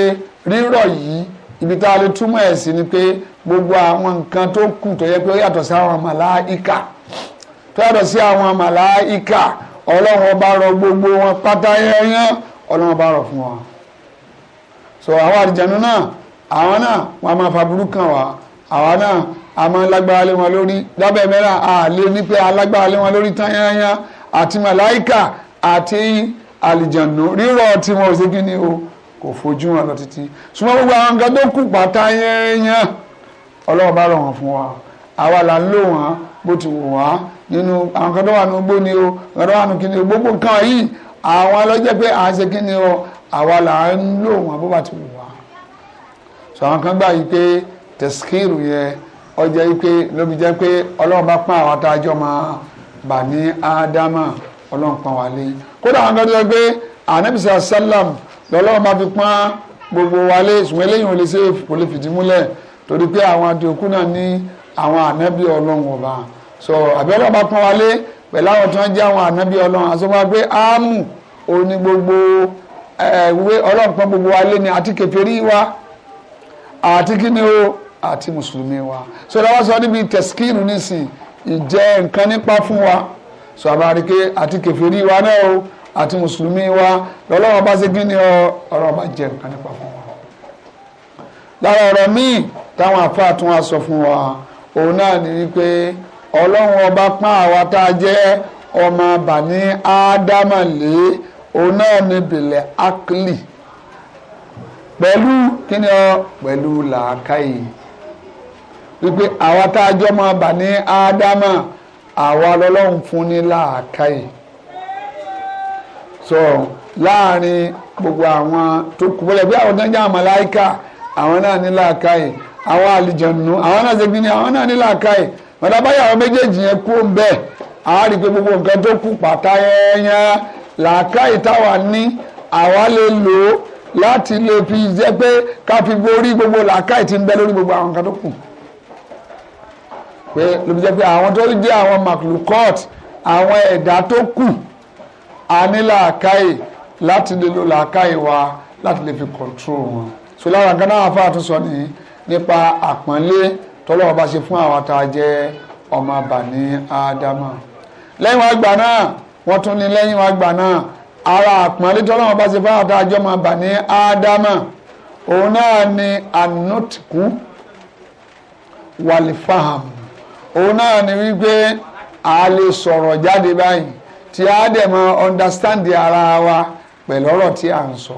ibi tá a lè túmọ̀ ẹ̀ sí ni pé gbogbo àwọn nǹkan tó kù tó yẹ pé ó yàtọ̀ sí àwọn màláìkà tó yàtọ̀ sí àwọn màláìkà ọlọ́run ọba rọ gbogbo wọn pátá yẹnyẹn ọlọ́run ọba rọ fún wa so àwọn àdìjẹnu náà àwọn náà wọn a máa fa burú kan wá àwọn náà a máa lágbára lé wọn lórí lábẹ́ mẹ́ra a ní pé alágbára lé wọn lórí tán yẹnyẹn àti màláìkà àti àlìjẹnu rírọ̀ tí wọn ò sí kí ni o kò fojú wọn lọ títí ṣùgbọ́n gbogbo àwọn nǹkan tó kù pátá yẹ́nyẹ́ ọlọ́run bá rọ̀ wọ́n fún wa àwa là ń lò wọ́n bó ti wù wọ́n nínú àwọn kan tó wà ní gbó ni o nǹkan tó wà ní kíni o gbogbo nǹkan yìí àwọn ọlọ́jẹ́ pé à ń ṣe kíni o àwa là ń lò wọ́n bó bá ti wù wọ́n. sọ àwọn kan gbà yìí pé tẹ̀síkìrù yẹn ọjọ́ yìí pé lóbi jẹ́ pé ọlọ́run bá pọ́n àwọn adájọ́ máa bà ní lọ́lọ́run bá fi pọ́n gbogbo wa lé ṣùgbọ́n eléyìí ò lè ṣe kò lè fìdí múlẹ̀ torí pé àwọn àdìokú náà ní àwọn ànábì ọlọ́run ọba so àbẹ́lẹ́ ọba pọ́n wa lé pẹ̀lú àwọn tí wọ́n jẹ́ àwọn ànábì ọlọ́run àsọ́gbà pé áàmù òní gbogbo ẹ̀wé ọlọ́run pọ́n gbogbo wa ni àti kèfèrí wa àti kíni o àti mùsùlùmí wa so lọ́wọ́ sọ níbi tẹ̀síkìrù nísìn ìjẹ́ nǹkan nípa fún wa so àbáríkè àti kèfèrí wa náà o àti mùsùlùmí wa lọ́lọ́wọ́ bá ṣe gíní ọ̀rọ̀ bá jẹ́ nǹkan nípa fún wa. lára ọ̀rọ̀ míì táwọn àfáà tún wá sọ fún wa òun náà ní wípé ọlọ́run ọba pọ́n àwa tá a jẹ́ ọmọ bàní ádámàlé òun náà ní bìlẹ̀ ákìlì pẹ̀lú kíni ọ pẹ̀lú làákàyè wípé àwa tá a jẹ́ ọmọ bàní ádámà àwa lọ́lọ́run fún ní làákàyè so láàrin gbogbo àwọn tó kù bọ́lẹ̀ bí àwọn gánjá àmàláìkà àwọn náà ní làákàyè àwọn àlìjànù àwọn náà ṣe gbìyànjú àwọn náà ní làákàyè bàtà báyà àwọn méjèèjì yẹn kú ń bẹ̀ àá rí i pé gbogbo nǹkan tó kù pàtà yẹn làákàyè táwa ní àwa lè lò ó láti lè fi jẹ́ pé ká fi borí gbogbo làákàyè tí ń bẹ lórí gbogbo àwọn nǹkan tó kù pé ló fi jẹ́ pé àwọn tó jẹ́ àwọn maklukot àwọn ẹ̀dá tó kù Ani ní làákàyè láti lè lo làákàyè wa láti lè fi kọ̀ntró wọn so lára nǹkan náà fáà tún sọ nìyí nípa àpọ́nlé tọ́lọ́wọ́ bá ṣe fún àwọn tá a jẹ́ ọmọ àbà ní ádámà lẹ́yìn wá gbà náà wọ́n tún ní lẹ́yìn wá gbà náà ara àpọ́nlé tọ́lọ́wọ́ bá ṣe fún àwọn tá a jẹ́ ọmọ àbà ní ádámà òun náà ni anútìkú wàlífàhàm òun náà ni wípé a lè sọ̀rọ̀ jáde báyìí tí a dẹ̀ mọ understand ara wa pẹ̀lú ọ̀rọ̀ tí a ń sọ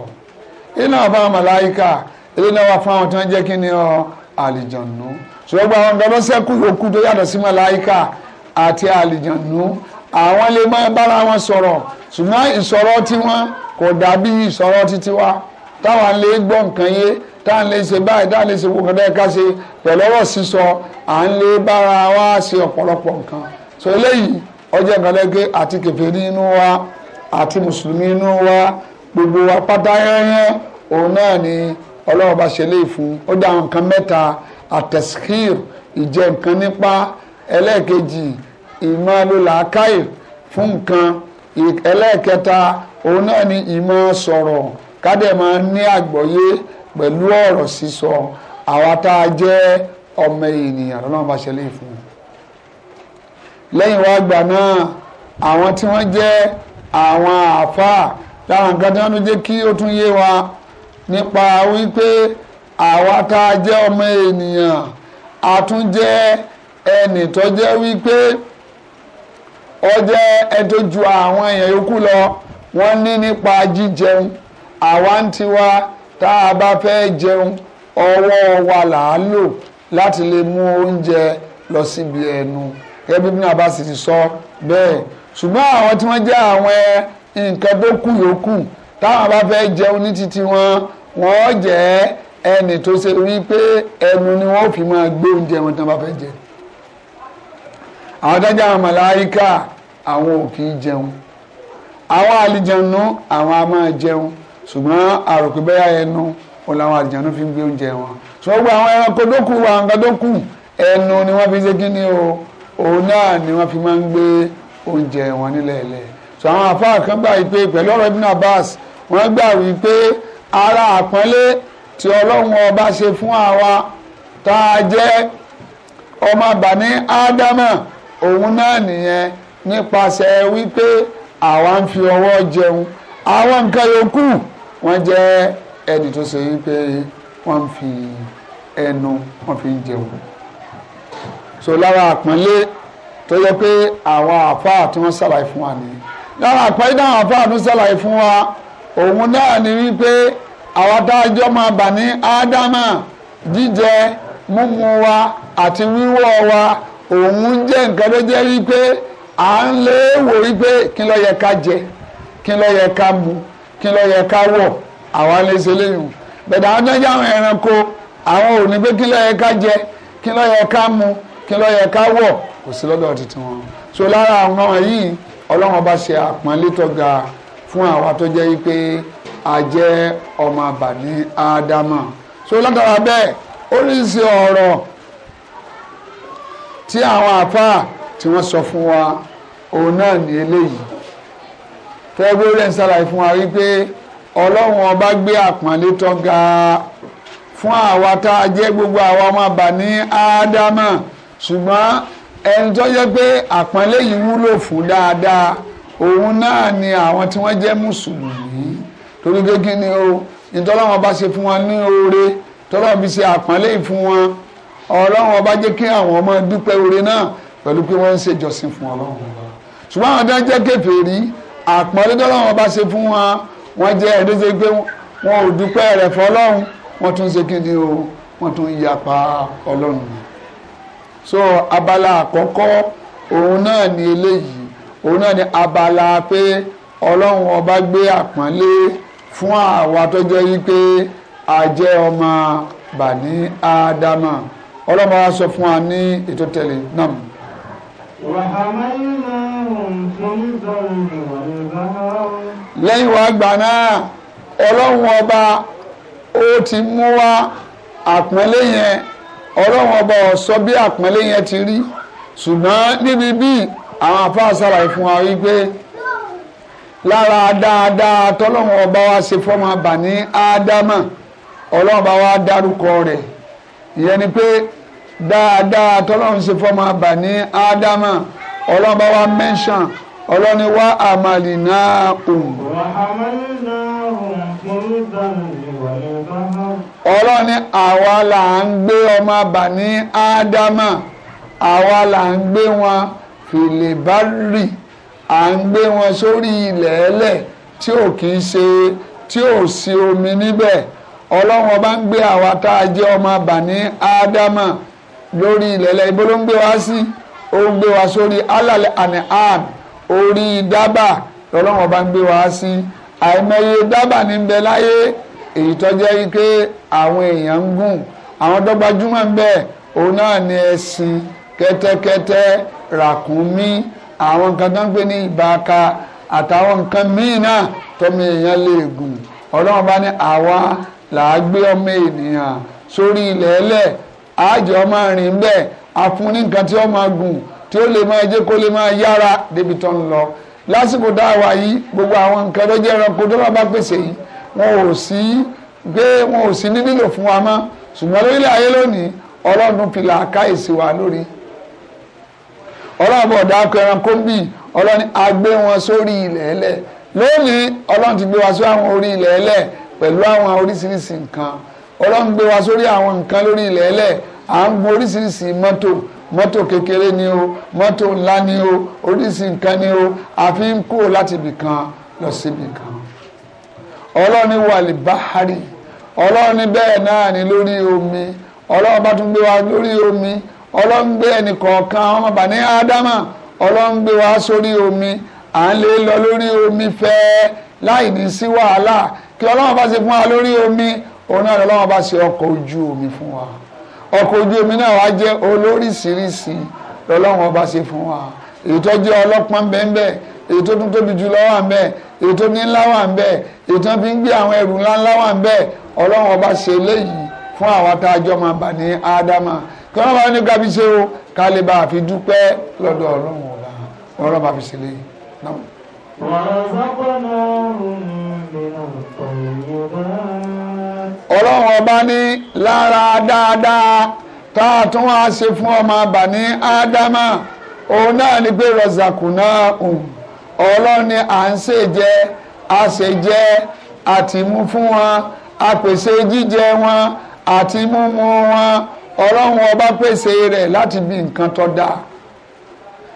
iná ọba màláìka ilé náà wà fún àwọn tí wọ́n jẹ́ kí ni ọ àlìjànú ṣùgbọ́n gba àwọn ọ̀dọ́ sẹ́kù òkú tó yàtọ̀ sí màláìka àti àlìjànú àwọn lè máa bára wọn sọ̀rọ̀ ṣùgbọ́n ìsọ̀rọ̀ tiwọn kò dàbí ìsọ̀rọ̀ titi wa táwọn lè gbọ́ nǹkan yé tá à ń lè ṣe báyìí tá à ń lè ṣe gbogbo nǹkan ká ṣe pẹ̀lú ọ̀rọ̀ sísọ à ń lè bára wa ṣe ọ̀pọ̀lọpọ̀ nǹkan so eléyìí ọjọ́ ìgbàlẹ́gbẹ́ àti kèfèrí inú wa àti mùsùlùmí inú wa gbogbo wa pátá yẹ́yẹ́ òun náà ni ọlọ́run bá ṣe lé fún ó dá nǹkan mẹ́ta àtẹ̀síkìr ìjẹ́ nǹkan nípa ẹlẹ́ẹ̀kejì ìmọ̀ ló fún nǹkan ẹlẹ́ẹ̀kẹta òun náà ni ìmọ̀ sọ̀rọ̀ kádẹ̀ máa ní àgbọ́yé pẹ̀lú ọ̀rọ̀ sísọ àwa tá a jẹ́ ọmọ ènìyàn lọ́nà bá ṣe lé fún un lẹ́yìn wá gbà náà àwọn tí wọ́n jẹ́ àwọn àáfàá láwọn nǹkan tí wọ́n tún jẹ́ kí ó tún yé wa nípa wípé àwa tá a jẹ́ ọmọ ènìyàn a tún jẹ́ ẹnì tó jẹ́ wípé ó jẹ́ ẹni tó ju àwọn èèyàn yòókù lọ wọ́n ní nípa jíjẹun àwa ń tiwa tá a bá fẹ́ jẹun ọwọ́ wa là á lò láti lè mú oúnjẹ lọ síbi ẹnu. E gẹ́gẹ́ bí Ibn Abbas ti sọ bẹ́ẹ̀ ṣùgbọ́n àwọn tí wọ́n jẹ́ àwọn nǹkan tó kù yòókù táwọn bá fẹ́ jẹun ní títí wọn wọ́n jẹ́ ẹnì tó ṣe wí pé ẹnu ni wọ́n fi máa gbé oúnjẹ wọn tí wọ́n bá fẹ́ jẹ àwọn tó jẹ́ àwọn màláíkà àwọn ò kì í jẹun àwọn àlìjẹ̀nù àwọn a máa jẹun ṣùgbọ́n àròkè bẹ́yà ẹnu òun làwọn àlìjẹ̀nù fi ń gbé oúnjẹ wọn ṣùgbọ́n gbogbo àwọn ẹranko tó kù àwọn nǹkan tó kù ẹnu ni wọ́n fi ṣe kí ni o òun náà ni wọ́n fi máa ń gbé oúnjẹ wọn nílẹ̀ ẹ̀lẹ̀ so àwọn àfáà kan gbà wípé pẹ̀lú ọ̀rọ̀ Ibn Abbas wọ́n gbà wípé ara àpọ́nlé tí ọlọ́run ọba ṣe fún àwa tá a jẹ́ ọmọ bani ádámà òun náà nìyẹn nípasẹ̀ wípé àwa ń fi ọwọ́ jẹun àwọn nǹkan yòókù wọ́n jẹ́ ẹni tó ṣe wípé wọ́n fi ẹnu wọ́n fi ń jẹun. so lára àpọ́nlé tó yẹ pé àwọn àfáà tí wọ́n ṣàlàyé fún wa ni lára àpọ́nlé táwọn àfáà tó ṣàlàyé fún wa òun náà ni wípé àwọn adájọ́ máa bà ní ádámà jíjẹ mímu wa àti wíwọ̀ wa òun jẹ́ nǹkan tó jẹ́ wípé à ń lé wò wípé kí ló yẹ ká jẹ kí ló yẹ ká mu kí ló yẹ ká wọ̀ àwa lè ṣe léyìn bẹ̀dẹ̀ àwọn adájọ́ àwọn ẹranko àwọn ò ní pé kí ló yẹ ká jẹ kí ló yẹ ká mu kí ló yẹ ká wọ̀ kò sí lọ́dọ̀ títí wọn so lára àwọn yìí ọlọ́run ọba ṣe àpọ́nlé tó ga fún àwa tó jẹ́ wípé a jẹ́ ọmọ àbàní ádámà so látara bẹ́ẹ̀ oríṣi ọ̀rọ̀ tí àwọn àfáà tí wọ́n sọ fún wa òun náà ní eléyìí tẹ́gbẹ́ rẹ̀ ń ṣàlàyé fún wa wípé ọlọ́run ọba gbé àpọ́nlé tó ga fún àwa tá a jẹ́ gbogbo àwa ọmọ àbàní ádámà ṣùgbọ́n ẹni tó yẹ pé àpọ́nlé yìí wúlò fún dáadáa òun náà ni àwọn tí wọ́n jẹ́ mùsùlùmí torí pé kí ni o ìtọ́lọ́wọ́n bá ṣe fún wọn ní oore tọ́lọ́wọ́n fi ṣe àpọ́nlé yìí fún wọn ọlọ́run ọba jẹ́ kí àwọn ọmọ dúpẹ́ oore náà pẹ̀lú pé wọ́n ń ṣèjọsìn fún ọlọ́run ṣùgbọ́n àwọn tó ń jẹ́ kèfèrí àpọ́nlé tọ́lọ́run ọba ṣe fún wọn wọ́n jẹ́ ẹ̀ẹ́dẹ́sẹ̀ pé wọn ò dúpẹ́ rẹ̀ fọlọ́run wọ́n tún ṣe kí ni o wọ́n tún yapa ọlọ́run ni so abala àkọ́kọ́ òun náà ni eléyìí òun náà ni abala pé ọlọ́run ọba gbé àpọ́nlé fún àwa tó jẹ́ wípé a ọmọ bani ádámà ọlọ́run wa sọ fún wa ní ètò tẹ̀lé náà. lẹ́yìn wá gbà náà ọlọ́run ọba ó ti mú wá àpọ́nlé yẹn ọlọ́run ọba ọ̀sọ́ bí àpọ́nlé yẹn ti rí ṣùgbọ́n níbi bíi àwọn afáàsára ìfún wa wípé lára dáadáa tọ́lọ́run ọba wa ṣe fọ́mọ bà ní ádámà ọlọ́run ọba wa dárúkọ rẹ̀ ìyẹn ni pé dáadáa tọ́lọ́run ṣe fọ́mọ bà ní ádámà ọlọ́run ọba wa mẹ́ńṣàn ọlọ́run ni àmàlì náà òun. wà náà òun mo ń ọlọ́run ní àwa là ń gbé ọmọ bàní ádámà àwa là ń gbé wọn fìlèbárì à ń gbé wọn sórí ilẹ̀ ẹlẹ̀ tí ò kì í ṣe tí ò sí omi níbẹ̀ ọlọ́run ọba ń gbé àwa tá a jẹ́ ọmọ bàní ádámà lórí ilẹ̀ ẹlẹ̀ ibo ló ń gbé wá sí ó ń gbé wá sórí alàlẹ́ àní àm orí dábà lọ́lọ́run ọba ń gbé wá sí àìmọye dábà ní bẹ láyé èyí tó jẹ́ wípé àwọn èèyàn ń gùn àwọn tó gbajúmọ̀ ń bẹ òun náà ni ẹṣin kẹ́tẹ́kẹ́tẹ́ ràkúnmí àwọn nǹkan tó ń pè ní ìbáka àtàwọn nǹkan míì náà tọ́mọ èèyàn lè gùn ọlọ́run bá ní àwa làá gbé ọmọ ènìyàn sórí ilẹ̀ ẹlẹ̀ àjọ máa rìn bẹ́ẹ̀ afun ní nǹkan tí ó máa gùn tí ó lè máa jẹ́ kó lè máa yára débi tó ń lọ lásìkò dáwà yìí gbogbo àwọn nǹkan tó jẹ́ ẹranko tó bá bá pèsè yìí wọn ò sí gbé wọn ò sí ní nílò fún wa mọ́ ṣùgbọ́n lórílẹ̀ ayé lónìí ọlọ́run fi làákàyèsí wa lórí ọlọ́run bọ̀ dákọ̀ ẹranko ń bì ọlọ́run a gbé wọn sórí ilẹ̀ ẹlẹ̀ lónìí ọlọ́run ti gbé wa sórí àwọn orí ilẹ̀ ẹlẹ̀ pẹ̀lú àwọn oríṣiríṣi nǹkan ọlọ́run gbé wa sórí àwọn nǹkan lórí ilẹ̀ ẹlẹ̀ à ń gun oríṣiríṣi mọ́tò mọ́tò kékeré ni o mọ́tò ńlá ni o oríṣi nǹkan ni o àfi ń kó láti ibì kan lọ síbì kan ọlọ́ni wàlì báhárì ọlọ́ni bẹ́ẹ̀ náà ni lórí omi ọlọ́run bá tún gbé wa lórí omi ọlọ́run gbé ẹnì kọ̀ọ̀kan ọmọ bàní ádámà ọlọ́run gbé wa sórí omi à ń lè lọ lórí omi fẹ́ láì ní sí wàhálà kí ọlọ́run bá fún wa lórí omi òun náà lọ́wọ́ bá ọkọ̀ ojú èyí tó ní ńlá wà ń bẹ èyí tó fi ń gbé àwọn ẹrù ńlá ńlá wà ń bẹ ọlọ́run ọba ṣe léyìí fún àwa tá a jọ máa bà ní ádámà kí wọ́n bá ní gábí ṣe o ká lè bá a fi dúpẹ́ lọ́dọ̀ ọlọ́run ọba ọlọ́run bá fi ṣe léyìí. ọlọ́run ọba ní lára dáadáa tá a tún wá ṣe fún ọmọ bà ní ádámà òun náà ni pé rọ̀zàkù náà òun ọlọ́run ni à ń ṣe jẹ a ṣe jẹ àti mú fún wọn a pèsè jíjẹ wọn àti mímu wọn ọlọ́run ọba pèsè rẹ̀ láti bí nǹkan tó dáa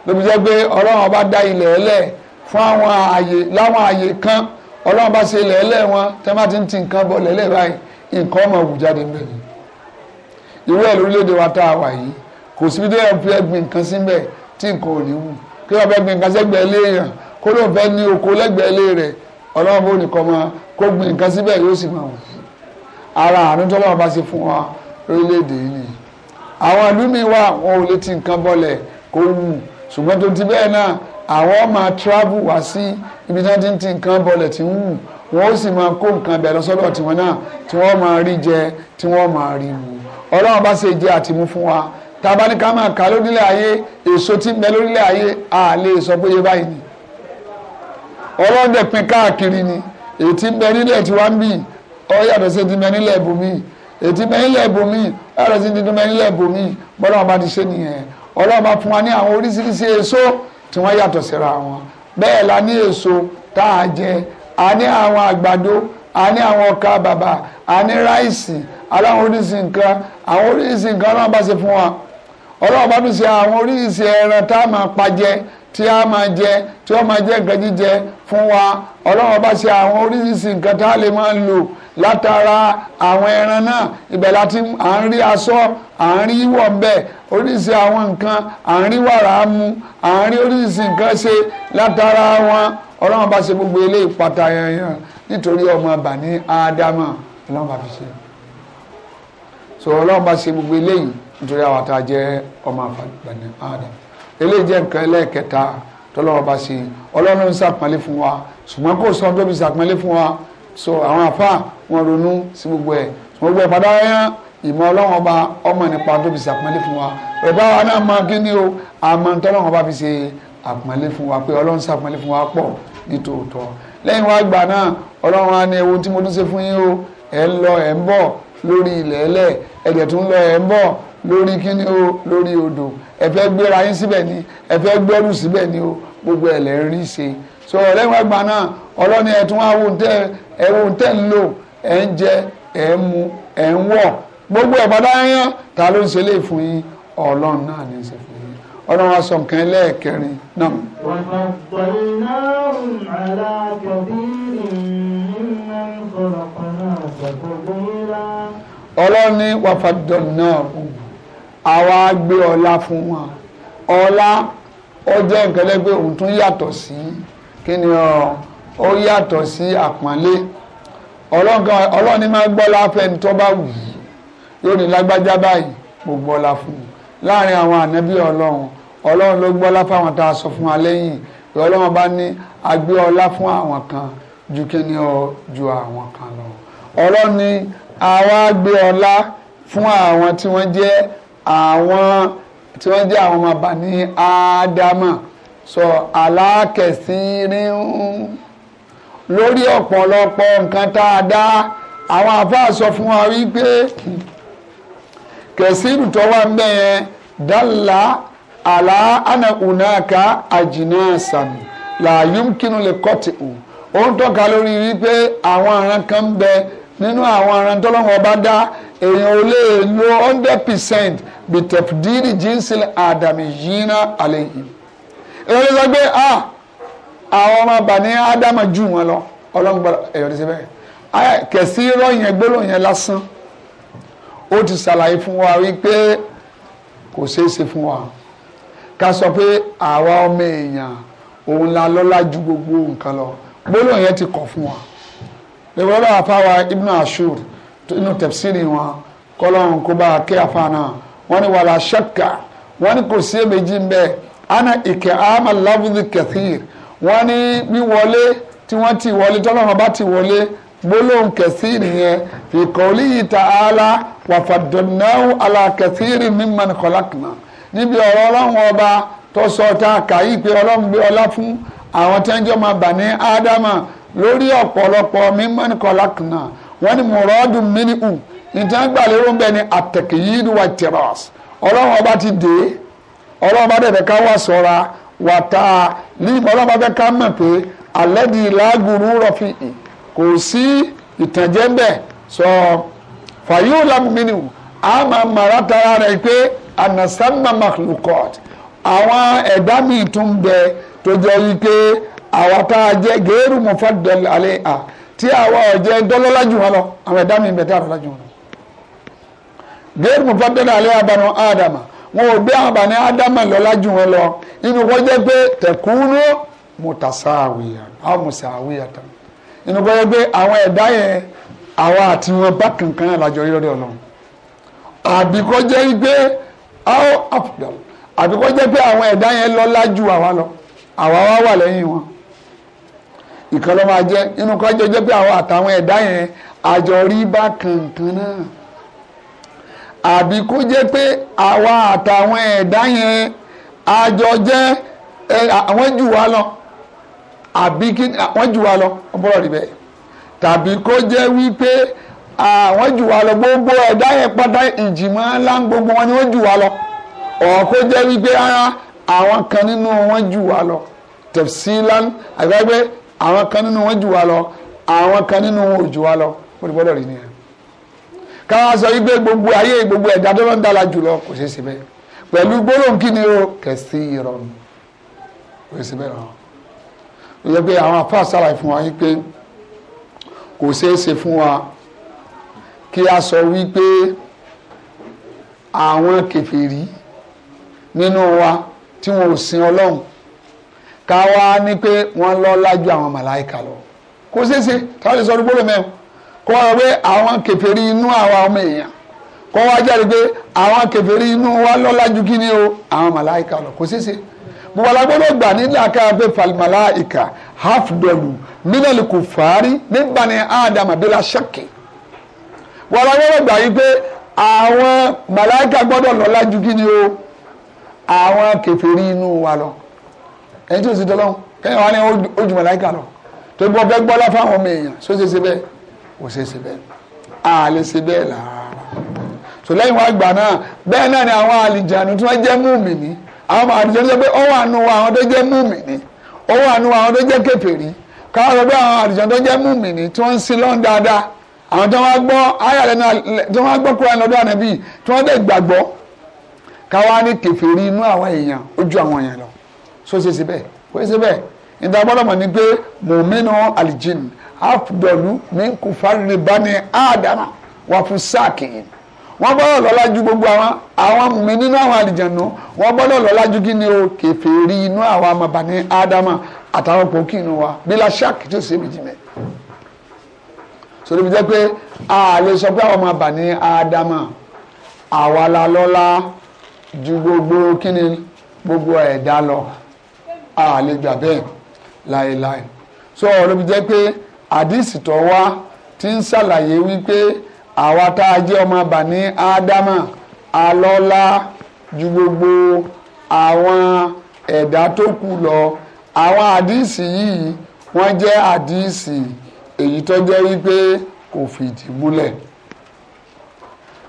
lóbi jẹ́ pé ọlọ́run ọba dá ilẹ̀ ẹlẹ̀ fún àwọn ààyè láwọn ààyè kan ọlọ́run bá ṣe ilẹ̀ ẹlẹ̀ wọn tẹ́ bá ti ń ti nǹkan bọ̀ lẹ́lẹ̀ báyìí nǹkan ọmọ òwú jáde ń bẹ̀ ni ìwé ẹ̀ lórílẹ̀‐èdè wa tá a wà yìí kò síbi tó yẹ kó ẹ gbin nǹkan síbẹ̀ tí nǹkan ò ní wù kí wọ́n fẹ́ gbin nǹkan sẹ́gbẹ̀ẹ́ léèyàn kó ló fẹ́ ní oko lẹ́gbẹ̀ẹ́ ilé rẹ̀ ọlọ́run bó nìkan máa kó gbin nǹkan síbẹ̀ yóò sì máa wù ara àánú tó lọ́wọ́ bá ṣe fún wa lórílẹ̀‐èdè yìí nìyí àwọn ìlú mi wọn ò lè ti nǹkan bọ́lẹ̀ kó wù ṣùgbọ́n tó ti bẹ́ẹ̀ náà àwọn máa travel wá sí ibi tí wọ́n ti ń ti nǹkan bọ́lẹ̀ tí ń wù wọ́n ó sì máa kó nǹkan bẹ̀ lọ́sọ́dọ̀ tiwọn náà tí wọ́n máa rí jẹ tí wọ́n máa rí mu ọlọ́run bá ṣe jẹ àtìmú fún wa tá ní ká máa kà lórílẹ̀ ayé èso tí ń bẹ lórílẹ̀ ayé a sọ pé yé báyìí ni ọlọ́run dẹ̀ pín káàkiri ni ètí ń bẹ nílẹ̀ tí wá ń bì ọ yàtọ̀ sí ti bẹ nílẹ̀ ibòmí ètí bẹ nílẹ̀ ibòmí yàtọ̀ sí ti bẹ nílẹ̀ ibòmí bọ́lá bá ti ṣe nìyẹn ọlọ́run bá fún wa ní àwọn oríṣiríṣi èso tí wọ́n yàtọ̀ síra wọn bẹ́ẹ̀ la ní èso tá a jẹ a ní àwọn àgbàdo a ní àwọn ọkà bàbà a ní ráìsì aláwọn oríṣi nǹkan àwọn oríṣi nǹkan ọlọ́run bá ṣe fún wa ọlọ́run bá tún ṣe àwọn oríṣi ẹran tá máa pa jẹ tí a máa jẹ tí ó máa jẹ nǹkan jíjẹ fún wa ọlọ́run bá ṣe àwọn oríṣiríṣi nǹkan tá a lè máa lò látara àwọn ẹran náà ibẹ̀ láti à ń rí aṣọ à ń rí wọ̀ bẹ́ẹ̀ oríṣiríṣi àwọn nǹkan à ń rí wàrà mu à ń rí oríṣiríṣi nǹkan ṣe látara wọn ọlọ́run bá ṣe gbogbo eléyìí pátá yanyan nítorí ọmọ bàní ádámà ọlọ́run bá fi ṣe so ọlọ́run bá ṣe gbogbo eléyìí nítorí àwọn àtàjẹ ọmọ bàní ádámà eléyìí jẹ́ nǹkan ẹlẹ́ẹ̀kẹta tọ́lọ́wọ́ bá ṣe ọlọ́run ń ṣàpọ́nlé fún wa ṣùgbọ́n kò sọ tó ṣàpọ́nlé fún wa so àwọn àfa wọn ronú sí gbogbo ẹ̀ gbogbo ẹ̀ padà yán ìmọ̀ ọlọ́run ọba ọmọ nípa tó ṣàpọ́nlé fún wa ẹ̀bá wa náà máa kí ni o àmọ́ tọ́lọ́run ọba fi ṣe àpọ́nlé fún wa pé ọlọ́run ṣàpọ́nlé fún wa pọ̀ ní lẹ́yìn wá gbà náà ọlọ́run á ní ewu tí mo tún ṣe fún yín o ẹ̀ ń lọ ẹ̀ ń bọ̀ lórí ilẹ̀ ẹlẹ̀ ẹ̀ lórí kíni o lórí odò ẹ fẹ́ gbéra yín síbẹ̀ ni ẹ fẹ́ gbẹ́rù ni o gbogbo ẹ̀ lẹ́ ń rí ṣe so ọ̀lẹ́wọ̀n ẹgbà náà ọlọ́ni ẹ̀ tún àwọn ohun tẹ́ ń lò ẹ̀ ń jẹ ẹ̀ ń mu ẹ̀ ń wọ̀ gbogbo ẹ̀ padà yán ta ló ń ṣe lè fún yín ọlọ́run náà ní ṣe fún yín ọlọ́run aṣọ nǹkan ẹlẹ́ẹ̀kẹrin náà. ọlọ́run ní wàfàdàn náà àwa gbé ọlá fún wọn ọlá ó jẹ́ nǹkan lẹ́gbẹ́ òun tún yàtọ̀ sí kí ni ó yàtọ̀ sí àpọ́nlé ọlọ́ọ̀ni máa gbọ́lá fẹ́ni tó bá wù yí yóò ní lágbájá báyìí mo gbọ́lá fún un láàrin àwọn ànábì ọlọ́run ọlọ́run ló gbọ́lá fáwọn tá a sọ fún wa lẹ́yìn ọlọ́run bá ní agbé ọlá fún àwọn kan ju kí ni ọ ju àwọn kan lọ ọlọ́run àwa gbé ọlá fún àwọn tí wọ́n jẹ́ àwọn tí wọ́n jẹ́ àwọn ọmọ bá ní ádámà sọ alákẹ̀sírin lórí ọ̀pọ̀lọpọ̀ nǹkan tá a dá àwọn àfáà sọ fún wa wípé kẹ̀sírù tó wà ń bẹ̀ yẹn dálà àlá ànàkùnàkà àjìnà sàmì làyùm kínú lè kọ́tì ù ó ń tọ́ka lórí wípé àwọn àràn kan ń bẹ nínú àwọn àràn tọ́lọ́wọ́n bá dá èèyàn ò lè lo hundred percent bitafdiri jinsil adami yina aleyhi èèyàn lè sọ pé ah àwọn ọmọ bani adama jù wọn lọ ọlọ́run gbọ́dọ̀ èèyàn lè ṣe bẹ́ẹ̀ kẹ̀sí rọ̀yìn gbólóhùn yẹn lásán ó ti ṣàlàyé fún wa wípé kò ṣeé ṣe fún wa ká sọ pé àwa ọmọ èèyàn òun la lọ́lá ju gbogbo nǹkan lọ gbólóhùn yẹn ti kọ̀ fún wa lè wọ́n bá wà fáwa ibnu ashur inú tẹ̀síìrì wọn kọ́lọ́hún kó bá a kí afa náà wọ́n ní wàlá ṣẹ́kà wọ́n ní kò sí èméjì ń bẹ́ẹ̀ ana ìkẹ́ ama lábùdí kẹ̀síìrì wọ́n ní wíwọlé tí wọ́n ti wọlé tọ́lọ́hún bá ti wọlé gbólóhùn kẹ̀síìrì yẹn fi qawlihi ta'ala wa faddalnahu ala kẹ̀síìrì mimman khalaqna níbi ọ̀rọ̀ ọlọ́run ọba tó sọ ta kàyí pé ọlọ́run gbé ọlá fún àwọn tẹ́ńjọ́ máa bà ní ádámà lórí ọ̀pọ̀lọpọ̀ mimman khalaqna wọ́n ní mùrọ́dù mínú nǹkan gbà lérò ń bẹ wa tẹ̀rọ̀s ọlọ́run ọba ti dé ọlọ́run ọba dẹ̀ fẹ́ ká wà sọ́ra wà tá a ní ọlọ́run ọba fẹ́ ká mọ̀ pé alẹ́ di ìlàgùrú rọ̀fì kò sí ìtànjẹ́ ń bẹ sọ fàyíwò lámù mínú a máa mara tara rẹ̀ pé anasama makhlukot àwọn ẹ̀dá mi tún bẹ tó jẹ́ wípé àwọn tá a jẹ́ géèrú mọ́fàdàlẹ́ àlẹ́ à tí àwa ọ̀jẹ́ dọ́lọ́lá jù wọn lọ àwọn ẹ̀dá mi ń bẹ tí àlọ́lá jù wọn lọ. géèmù mufadala alẹ́ abanu ádámà wọn ò gbé àwọn àbàní ádámà lọ́lá jù wọn lọ inú wọn jẹ́ pé tẹ̀kúnú mùtàsáwìyà àwọn mùsàwìyà tán inú wọn jẹ́ pé àwọn ẹ̀dá yẹn àwa àti wọn bá kankan náà lájọ rí lọ́dọ̀ ọlọ́run àbíkọ́ jẹ́ pé àbíkọ́ jẹ́ pé àwọn ẹ̀dá yẹn lọ́lá jù àwa lọ àwa wà lẹ́yìn wọn ìkan ló máa jẹ́ inú kan jọ jẹ́ pé àwọn àtàwọn ẹ̀dá yẹn àjọ rí bá kankan náà àbí kó jẹ́ pé àwa àtàwọn ẹ̀dá yẹn àjọ jẹ́ àwọn jù wá lọ àbí kí wọ́n jù wá lọ ọ̀bọ̀rọ̀ rí bẹ́ẹ̀ tàbí kó jẹ́ wípé àwọn jù wá lọ gbogbo ẹ̀dá yẹn pátá ìjìmọ̀ ńlá gbogbo wọn ni wọ́n jù wá lọ ọ̀ kó wípé àwọn kan nínú wọn jù wá lọ tẹ̀sílan àgbẹ̀gbẹ̀ àwọn kan nínú wọn jù wá lọ àwọn kan nínú wọn ò jù wá lọ ó ti gbọ́dọ̀ rí nìyẹn káwọn sọ wípé gbogbo ayé gbogbo ẹ̀dá tó ń dára jù lọ kò ṣeé ṣe bẹ́ẹ̀ pẹ̀lú gbólóhùn kí ni o kẹ̀sí ìrọ̀rùn kò ṣeé ṣe bẹ́ẹ̀ rán ó yẹ pé àwọn apá sára fún wa wípé kò ṣeé ṣe fún wa kí a sọ wípé àwọn kèfèrí nínú wa tí wọn ò sin ọlọ́run ká wá ní pé wọ́n lọ lájú àwọn màláìka lọ kó ṣeéṣe táwọn lè sọ ọdún gbọ́dọ̀ mẹ́rin kó wá pé àwọn kèfèrí inú àwa ọmọ èèyàn kó wá jáde pé àwọn kèfèrí inú wa lọ lájú kí ni o àwọn màláìka lọ kó ṣeéṣe bùbọ̀lá gbọ́dọ̀ gbà nílẹ̀ akáyàfẹ́ falimalaika hafdọ̀lù mínàlì kò fàárí nígbà ní ádámà bílá ṣàkè bùbọ̀lá gbọ́dọ̀ gbà yí pé àwọn màláìka gbọ́dọ̀ lọ lájú kí ni o àwọn kèfèrí inú wa lọ ẹni tí ò sí tọ́lọ́hún kẹ́yìn wá ní ojú màláìka lọ tó gbọ́ bẹ́ẹ̀ gbọ́ láfa àwọn ọmọ èèyàn só ṣe ṣe bẹ́ẹ̀ kò ṣe ṣe bẹ́ẹ̀ à lè ṣe bẹ́ẹ̀ là so lẹ́yìn wá gbà náà bẹ́ẹ̀ náà ni àwọn àlìjànú tí wọ́n jẹ́ mùmìnì àwọn àlìjànú sọ pé ó wà nù àwọn tó jẹ́ mùmìnì ó wà nù àwọn tó jẹ́ kèfèrí káwọn sọ pé àwọn àlìjànú tó jẹ́ mùmìnì tí wọ́n ń sin lọ́n dáadáa àwọn tí wọ́n gbọ́ ayàlẹ́ náà tí wọ́n gbọ́ kúrò lọ́dọ̀ ànábì tí wọ́n dẹ̀ gbàgbọ́ káwọn á ní kèfèrí inú àwọn èèyàn ó àwọn èèyàn lọ sóṣe ṣe bẹ́ẹ̀ kò ṣe bẹ́ẹ̀ níta gbọ́dọ̀ ni pé mòmínú alijin afdọ̀lù ní kùfàlùlẹ̀ bá ní àdàmà wà fún sáàkì yìí wọ́n gbọ́dọ̀ lọ́lá ju gbogbo àwọn àwọn mùmí nínú àwọn àlìjànú wọ́n gbọ́dọ̀ lọ́lá ju kí ni o kèfèrí inú àwọn amọ̀bà ní àtàwọn pòkì inú wa bílá ṣáàkì tí ó ṣe méjì mẹ́. sori jẹ́ pé a lè sọ pé àwọn amọ̀bà ní ádámà àwa la lọ́lá ju gbogbo kí ni gbogbo ẹ̀dá lọ a lè gbà bẹ́ẹ̀ láéláé so ọ̀rọ̀ mi jẹ́ pé àdìsí tó wá ti ń ṣàlàyé wípé àwa tá a jẹ́ ọmọ bàní ádámà alọ́lá ju gbogbo àwọn ẹ̀dá tó kù lọ àwọn àdìsí yìí wọ́n jẹ́ àdìsí èyí tó jẹ́ wípé kò fìdí múlẹ̀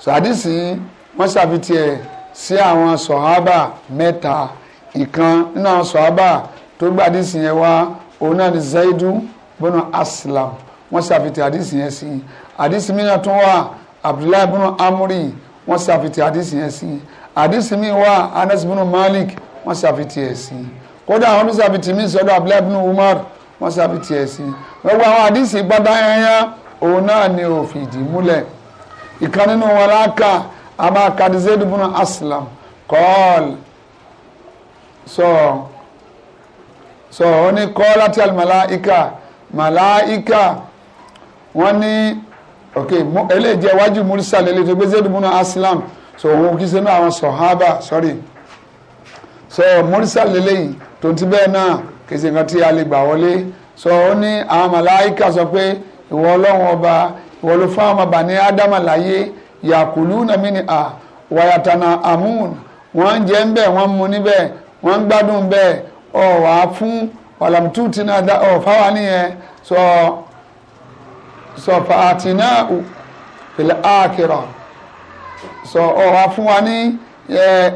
so àdìsí wọ́n ṣàfitì ẹ̀ sí àwọn sọ̀hábà mẹ́ta. So, ìkan nínú àwọn sọ̀hábà tó gbà àdìsí yẹn wá òun náà ni zaidu bọ́nà aslam wọ́n ṣàfihàn àdìsí yẹn sí àdìsí mìíràn tún wà abdullahi bọ́nà amúrì wọ́n ṣàfihàn àdìsí yẹn sí àdìsí mi wà anas bọ́nà malik wọ́n ṣàfihàn ẹ̀ sí kódà àwọn tó ṣàfihàn mi sọ́dọ̀ abdullahi bọ́nà umar wọ́n ṣàfihàn ẹ̀ sí gbogbo àwọn àdìsí gbọ́dá ẹ̀yà òun náà ni òfin ìdí múlẹ̀ ìkan nínú wọn láka àmà kadizé dùbọ́nà aslam kọ́ọ̀lù so so ó ní kọ́ láti àlùmọ̀láìkà malaika. wọ́n ní ok eléyìí jẹ́ wájú mursal eléyìí tó gbé zéèdù múná aslam so òun kì í ṣe àwọn sọ̀hábà sorry so mursal eléyìí tó ti bẹ́ẹ̀ náà kì nǹkan tí a lè gbà wọlé so ó ní àwọn màláìkà sọ pé ìwọ ọlọ́run ọba ìwọ ló fún àwọn bàní ádámà láyé yàkùlù nàmínì à wàyàtànà àmúùn wọ́n jẹ ń bẹ̀ wọ́n mu níbẹ̀ wọ́n ń gbádùn bẹ́ẹ̀ ọ̀ wá fún wàlàmùtù tí náà dá ọ̀ fáwa nìyẹn sọ sọ fàtì náà fìlẹ̀ àkìrọ̀ sọ ọ̀ wá fún wa ní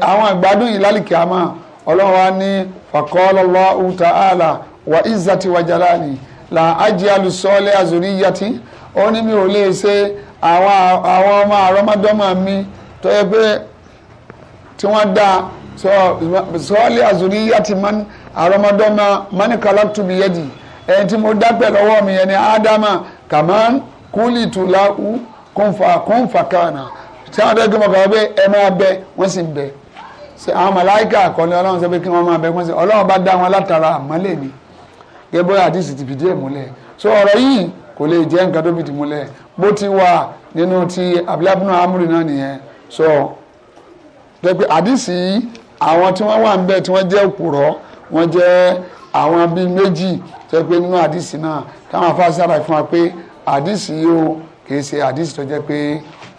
àwọn ìgbádùn yìí lálìkí àmà ọlọ́run wa ní fàkọ́lọ́lọ́ uta àlà wà ìzàtì wà jàlálì là ájì alùsọ́ọ́lẹ̀ àzòrí yàtì ó ní mi ò lè ṣe àwọn ọmọ àrọ́mọdọ́mọ mi tó yẹ pé tí wọ́n dá so sọọli azuri yati man aramadọma mani kalaktu bi yadi ẹni mo dá pẹ̀lú mi yẹn adama kaman kúlì tula u kónfà kónfà kàna tí wọn dẹ́gbẹ́ mọ̀ kàwé ẹ máa bẹ wọ́n sì ń bẹ àwọn màláìka àkọlé ọlọ́run sọ pé kí wọ́n máa bẹ wọ́n sì ọlọ́run bá dá wọn látara àmọ́lẹ̀ ni gẹ́gẹ́ bóyá àdìsí ti fìdí so ọ̀rọ̀ yìí kò lè jẹ́ nǹkan tó fìdí bó ti wà nínú ti abilábùnú amúrin náà nìyẹn so gẹ́gẹ́ àdìsí yìí àwọn tí wọ́n wà ń bẹ̀ tí wọ́n jẹ́ òpùrọ́ wọ́n jẹ́ àwọn bíi méjì tó pé nínú àdìsí náà táwọn afáàsì àlàyé fún wa pé àdìsí yìí ó kìí ṣe àdìsí tó jẹ́ pé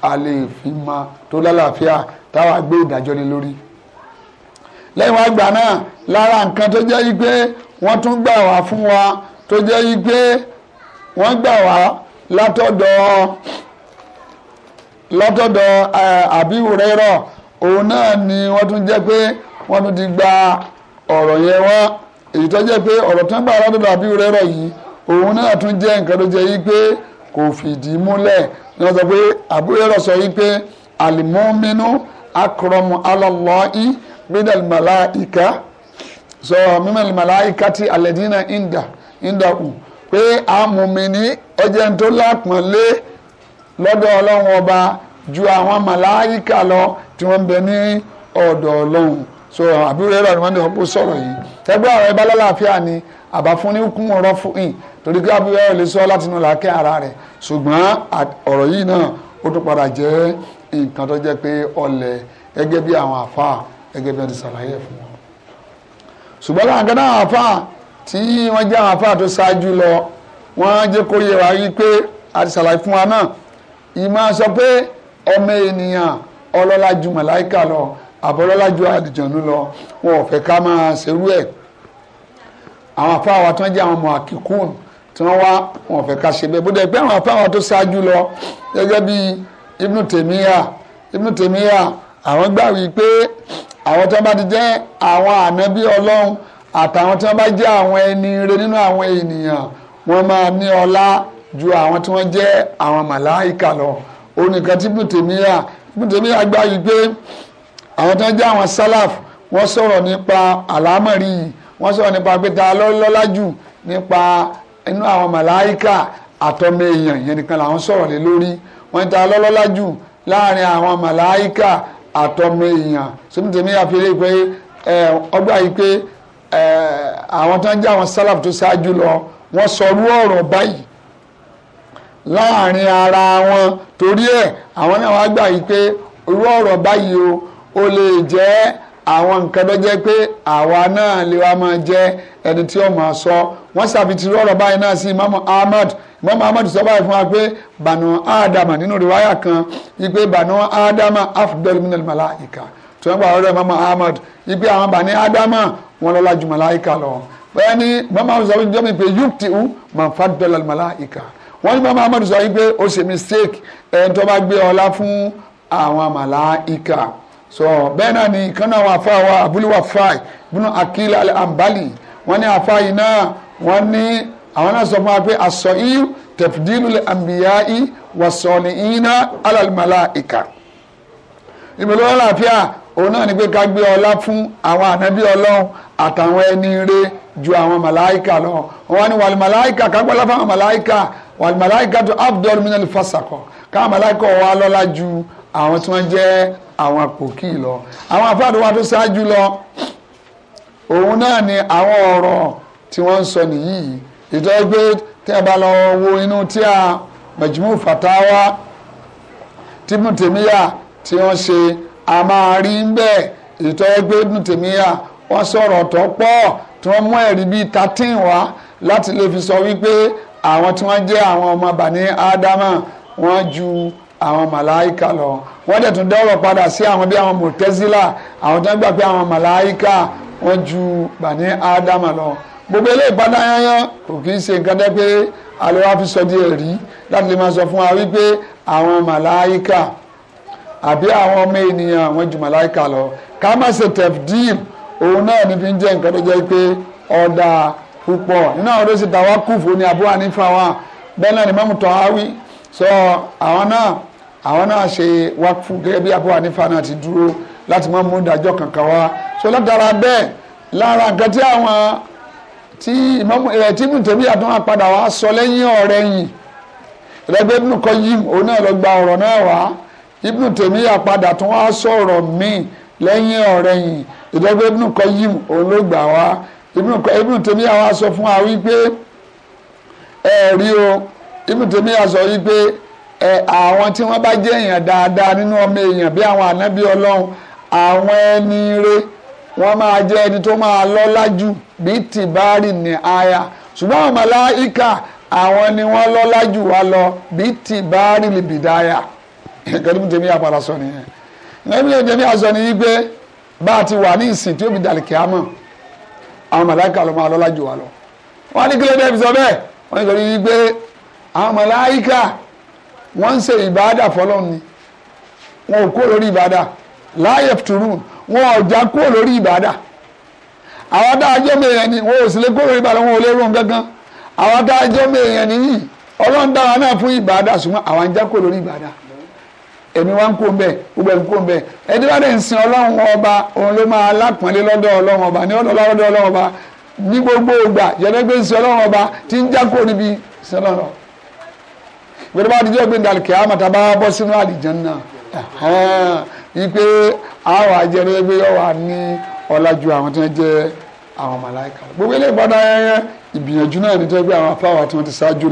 a lè fi ma tó lálàáfíà táwa gbé ìdájọ́ lé lórí lẹ́yìn wá gbà náà lára nǹkan tó jẹ́ wípé wọ́n tún gbà wá fún wa tó jẹ́ wípé wọ́n gbà wá látọ̀dọ̀ látọ̀dọ̀ Abi Hurairah òun náà ni wọ́n tún jẹ́ pé wọ́n tún ti gba ọ̀rọ̀ yẹn wá èyí tó jẹ́ pé ọ̀rọ̀ tó ń gbà lọ́dọ̀ àbí rẹ́rọ̀ yìí òun náà tún jẹ́ nǹkan tó jẹ́ yí pé kò fìdí múlẹ̀ ni wọ́n sọ pé àbúrẹ́rọ̀ sọ yí pé àlìmọ́mínú akọrọmù alọ́lọ́ọ̀ì mídàlì màláìka sọ mímàlì màláìka ti àlẹ́dínà ìndà ìndà kù pé àmùmí ni ọjẹ́ ń tó lápọ̀nlé lọ́dọ̀ ọlọ́run ọba ju àwọn màláyíkà lọ tí wọ́n ń bẹ ní ọ̀dọ̀ ọlọ́run so àbúrò rẹ̀ ni wọ́n ní ọ̀pọ̀ sọ̀rọ̀ yìí tẹ́gbẹ́ ọ̀rọ̀ ibà lálàáfíà ni àbá fún ní kún ọ̀rọ̀ fún yìí torí pé àbúrò rẹ̀ lè sọ láti inú làákẹ́ ara rẹ̀ ṣùgbọ́n ọ̀rọ̀ yìí náà ó tún padà jẹ́ nǹkan tó jẹ́ pé ọlẹ̀ gẹ́gẹ́ bí àwọn àfa gẹ́gẹ́ bí wọ́n ti ṣàlàyé fún wọn. ṣùgbọ́n ọmọ ènìyàn ọlọ́lá ju màláìkà lọ àbọ̀lọ́lá ju àlìjọ̀nù lọ wọn ò fẹ́ ká máa ṣerú ẹ̀ àwọn afáwa tó ń jẹ́ àwọn ọmọ àkíkún tí wọ́n wá wọn ò fẹ́ ká ṣe bẹ́ẹ̀ bó dẹ̀ pé àwọn afáwa tó ṣáájú lọ gẹ́gẹ́ bí Ibnu Tèmíyà Ibnu Tèmíyà àwọn gbà wí pé àwọn tó bá ti jẹ́ àwọn ànábí ọlọ́run àtàwọn tó bá jẹ́ àwọn ẹni rere nínú àwọn ènìyàn wọ́n máa ní ọlá ju àwọn tí wọ́n jẹ́ àwọn màláìkà lọ onìkan tí bùtèmíyà bùtèmíyà gbá yìí pé àwọn tó ń jẹ́ àwọn sálàf wọ́n sọ̀rọ̀ nípa àlámọ̀rí yìí wọ́n sọ̀rọ̀ nípa pé ta lọ́lá jù nípa inú àwọn màláìkà àtọ́mọ èèyàn yẹn nìkan làwọn sọ̀rọ̀ lé lórí wọ́n ta lọ́lá jù láàrin àwọn màláìkà àtọ́mọ èèyàn sọ́mùtèmíyà fi lè pé ọgbà yìí pé àwọn tó ń jẹ́ àwọn sálàf tó ṣáájú lọ wọ́n sọ ọ̀rọ̀ báyìí láàrin ara wọn torí ẹ̀ àwọn náà wá gbà yí pé irú ọ̀rọ̀ báyìí o ó lè jẹ́ àwọn nǹkan tó jẹ́ pé àwa náà lè wá máa jẹ́ ẹni tí ó máa sọ wọ́n ṣàfihàn irú ọ̀rọ̀ báyìí náà sí imamu ahmad imamu ahmad sọ báyìí fún wa pé bànú ádámà nínú rìwáyà kan wípé bànú ádámà afdal minal malaika tí wọ́n gbà ọ̀rọ̀ imamu ahmad wípé àwọn bàní ádámà wọn lọ́lá ju màláìka lọ bẹ́ẹ̀ ni imamu ahmad sọ fún jọ́mi pé yúkìtì ń màfàdọ́lá màláìka wọ́n ní bàbá Ahmed sọ wípé ó ṣe mistake ẹni tó bá gbé ọlá fún àwọn màláìka so bẹ́ẹ̀ náà ni ìkan àwọn afa wa abúlíwà fry bínú akil al-ambali wọ́n ní afa yìí náà wọ́n ní àwọn náà sọ fún wa pé aṣọ yìí tẹ̀fìdínú àmbíyáì wàsọ̀ọ̀lì iná alàlùmàláìka ìbẹ̀lẹ̀ ọlọ́láfíà òun náà ni pé ká gbé ọlá fún àwọn ànábí ọlọ́run àtàwọn ẹni rere ju àwọn màláìka lọ wọn ni wàlùmàláìka kágbọ́lá fáwọn màláìka wal malaikatu abdul minal fasakọ káwọn màláìka wà lọ́lá ju àwọn tí wọ́n jẹ́ àwọn àpòkì lọ àwọn àfáàdé wa tó ṣáájú lọ òun náà ni àwọn ọ̀rọ̀ tí wọ́n ń sọ nìyí ìtọ́jú pé tẹ́ ẹ bá lọ wo inú tí a majmu fatawa tìmù tèmíyà tí wọ́n ṣe a máa rí ń bẹ́ẹ̀ ìtọ́jú pé tìmù tèmíyà wọ́n sọ̀rọ̀ tó pọ̀ tí wọ́n mú ẹ̀rí bíi thirteen wá láti lè fi sọ wípé àwọn tí wọ́n jẹ́ àwọn ọmọ bani ádámà wọ́n ju àwọn màláìka lọ wọ́n dẹ̀ tún dọ́rọ̀ padà sí àwọn bí àwọn mọ̀tẹ́sílà àwọn tí wọ́n gbà pé àwọn màláìka wọ́n ju bani ádámà lọ gbogbo eléyìí padà yányán kò kí ń ṣe nǹkan dẹ́ pé àlewà fi sọ díẹ̀ rí láti lè máa sọ fún wa wípé àwọn màláìka àbí àwọn ọmọ ènìyàn wọ́n ju màláìka lọ ká má ṣe tẹ̀fdíìl òun náà ní fi ń jẹ́ nǹkan tó jẹ́ pé ọ̀dà púpọ̀ nínú àwọn tó sì tàwa kúfù ní Abu Hanifa wa bẹ́ẹ̀ náà ni mọ́mú Tahawi sọ àwọn náà àwọn náà ṣe wákùfù gẹ́gẹ́ bí Abu Hanifa náà ti dúró láti má mú ìdájọ́ kankan wá sọ látara bẹ́ẹ̀ lára nǹkan tí àwọn tí ìmọ̀mú ẹ̀ eh, tí mùtẹ̀bí àtúnwá padà wá sọ lẹ́yìn ọ̀rẹ́ yìí rẹ́gbẹ́ Ibn Qayyim òun náà lọ gba ọ̀rọ̀ náà wá Ibn Taymiyyah padà tún wá sọ̀rọ̀ míì lẹ́yìn ọ̀rẹ́ yìí rẹ́gbẹ́ Ibn Qayyim òun ló gbà wá Ibn Taymiyyah àwa sọ fún wa wípé ẹ rí o Ibn Taymiyyah sọ wípé ẹ àwọn tí wọ́n bá jẹ́ èèyàn dáadáa nínú ọmọ èèyàn bí àwọn ànábì ọlọ́run àwọn ẹni rẹ̀ wọ́n máa jẹ́ ẹni tó máa lọ́lá jù bí tìbárì ní aya ṣùgbọ́n àwọn màláíkà àwọn ni wọ́n lọ́lá jù wá lọ bí tìbárì lè bìdáyà nǹkan tó ń tẹ̀mí àpàlà sọ nìyẹn nǹkan tó ń tẹ̀mí àsọ nìyí bá a ti wà ní ìsìn tí ó fi dàlìkì àmọ́ àwọn màláìka ló máa lọ́lá jù wá lọ wọ́n á ní kílódé fi sọ bẹ́ẹ̀ wọ́n nítorí wípé àwọn màláìka wọ́n ń ṣe ìbáàdà fọlọ́run ni wọn ò kúrò lórí ìbáàdà láàyè tùrù wọn ò já lórí ìbáàdà àwọn adájọ́ mẹ́rin ni wọn ò sì lè kúrò lórí ìbáàdà wọn ò lè rún gángan àwọn adájọ́ mẹ́rin nìyí ọlọ́run dára náà fún ìbáàdà ṣùgbọ́n àwọn ajá kúrò lórí ìbáàdà èmi wá ń kó mbẹ gbogbo ẹ̀ ń kó mbẹ ẹni bá dẹ̀ ń sin ọlọ́run ọba òun ló máa lápọ̀nlé lọ́dọ̀ ọlọ́run ọba ní ọ̀dọ̀ lọ́dọ̀ ọlọ́run ọba ní gbogbo ìgbà yẹnẹgbẹ́ sin ọlọ́run ọba ti ń jákò níbi sin ọlọ́run gbẹdẹ bá dijọ́ gbé dàlùkẹ́ àmàtà bá bọ́ sínú àlìjànnà ipe àwọn àjẹrẹ́gbẹ́ yọ̀ wá ní ọ̀làjú àwọn tó ń jẹ́ àwọn màláìka gbogbo ilé ìgbọ́dọ̀ ayẹyẹ ìgbìyànjú náà ní tẹ́gbẹ́ àwọn afáwà tí wọ́n ti ṣáájú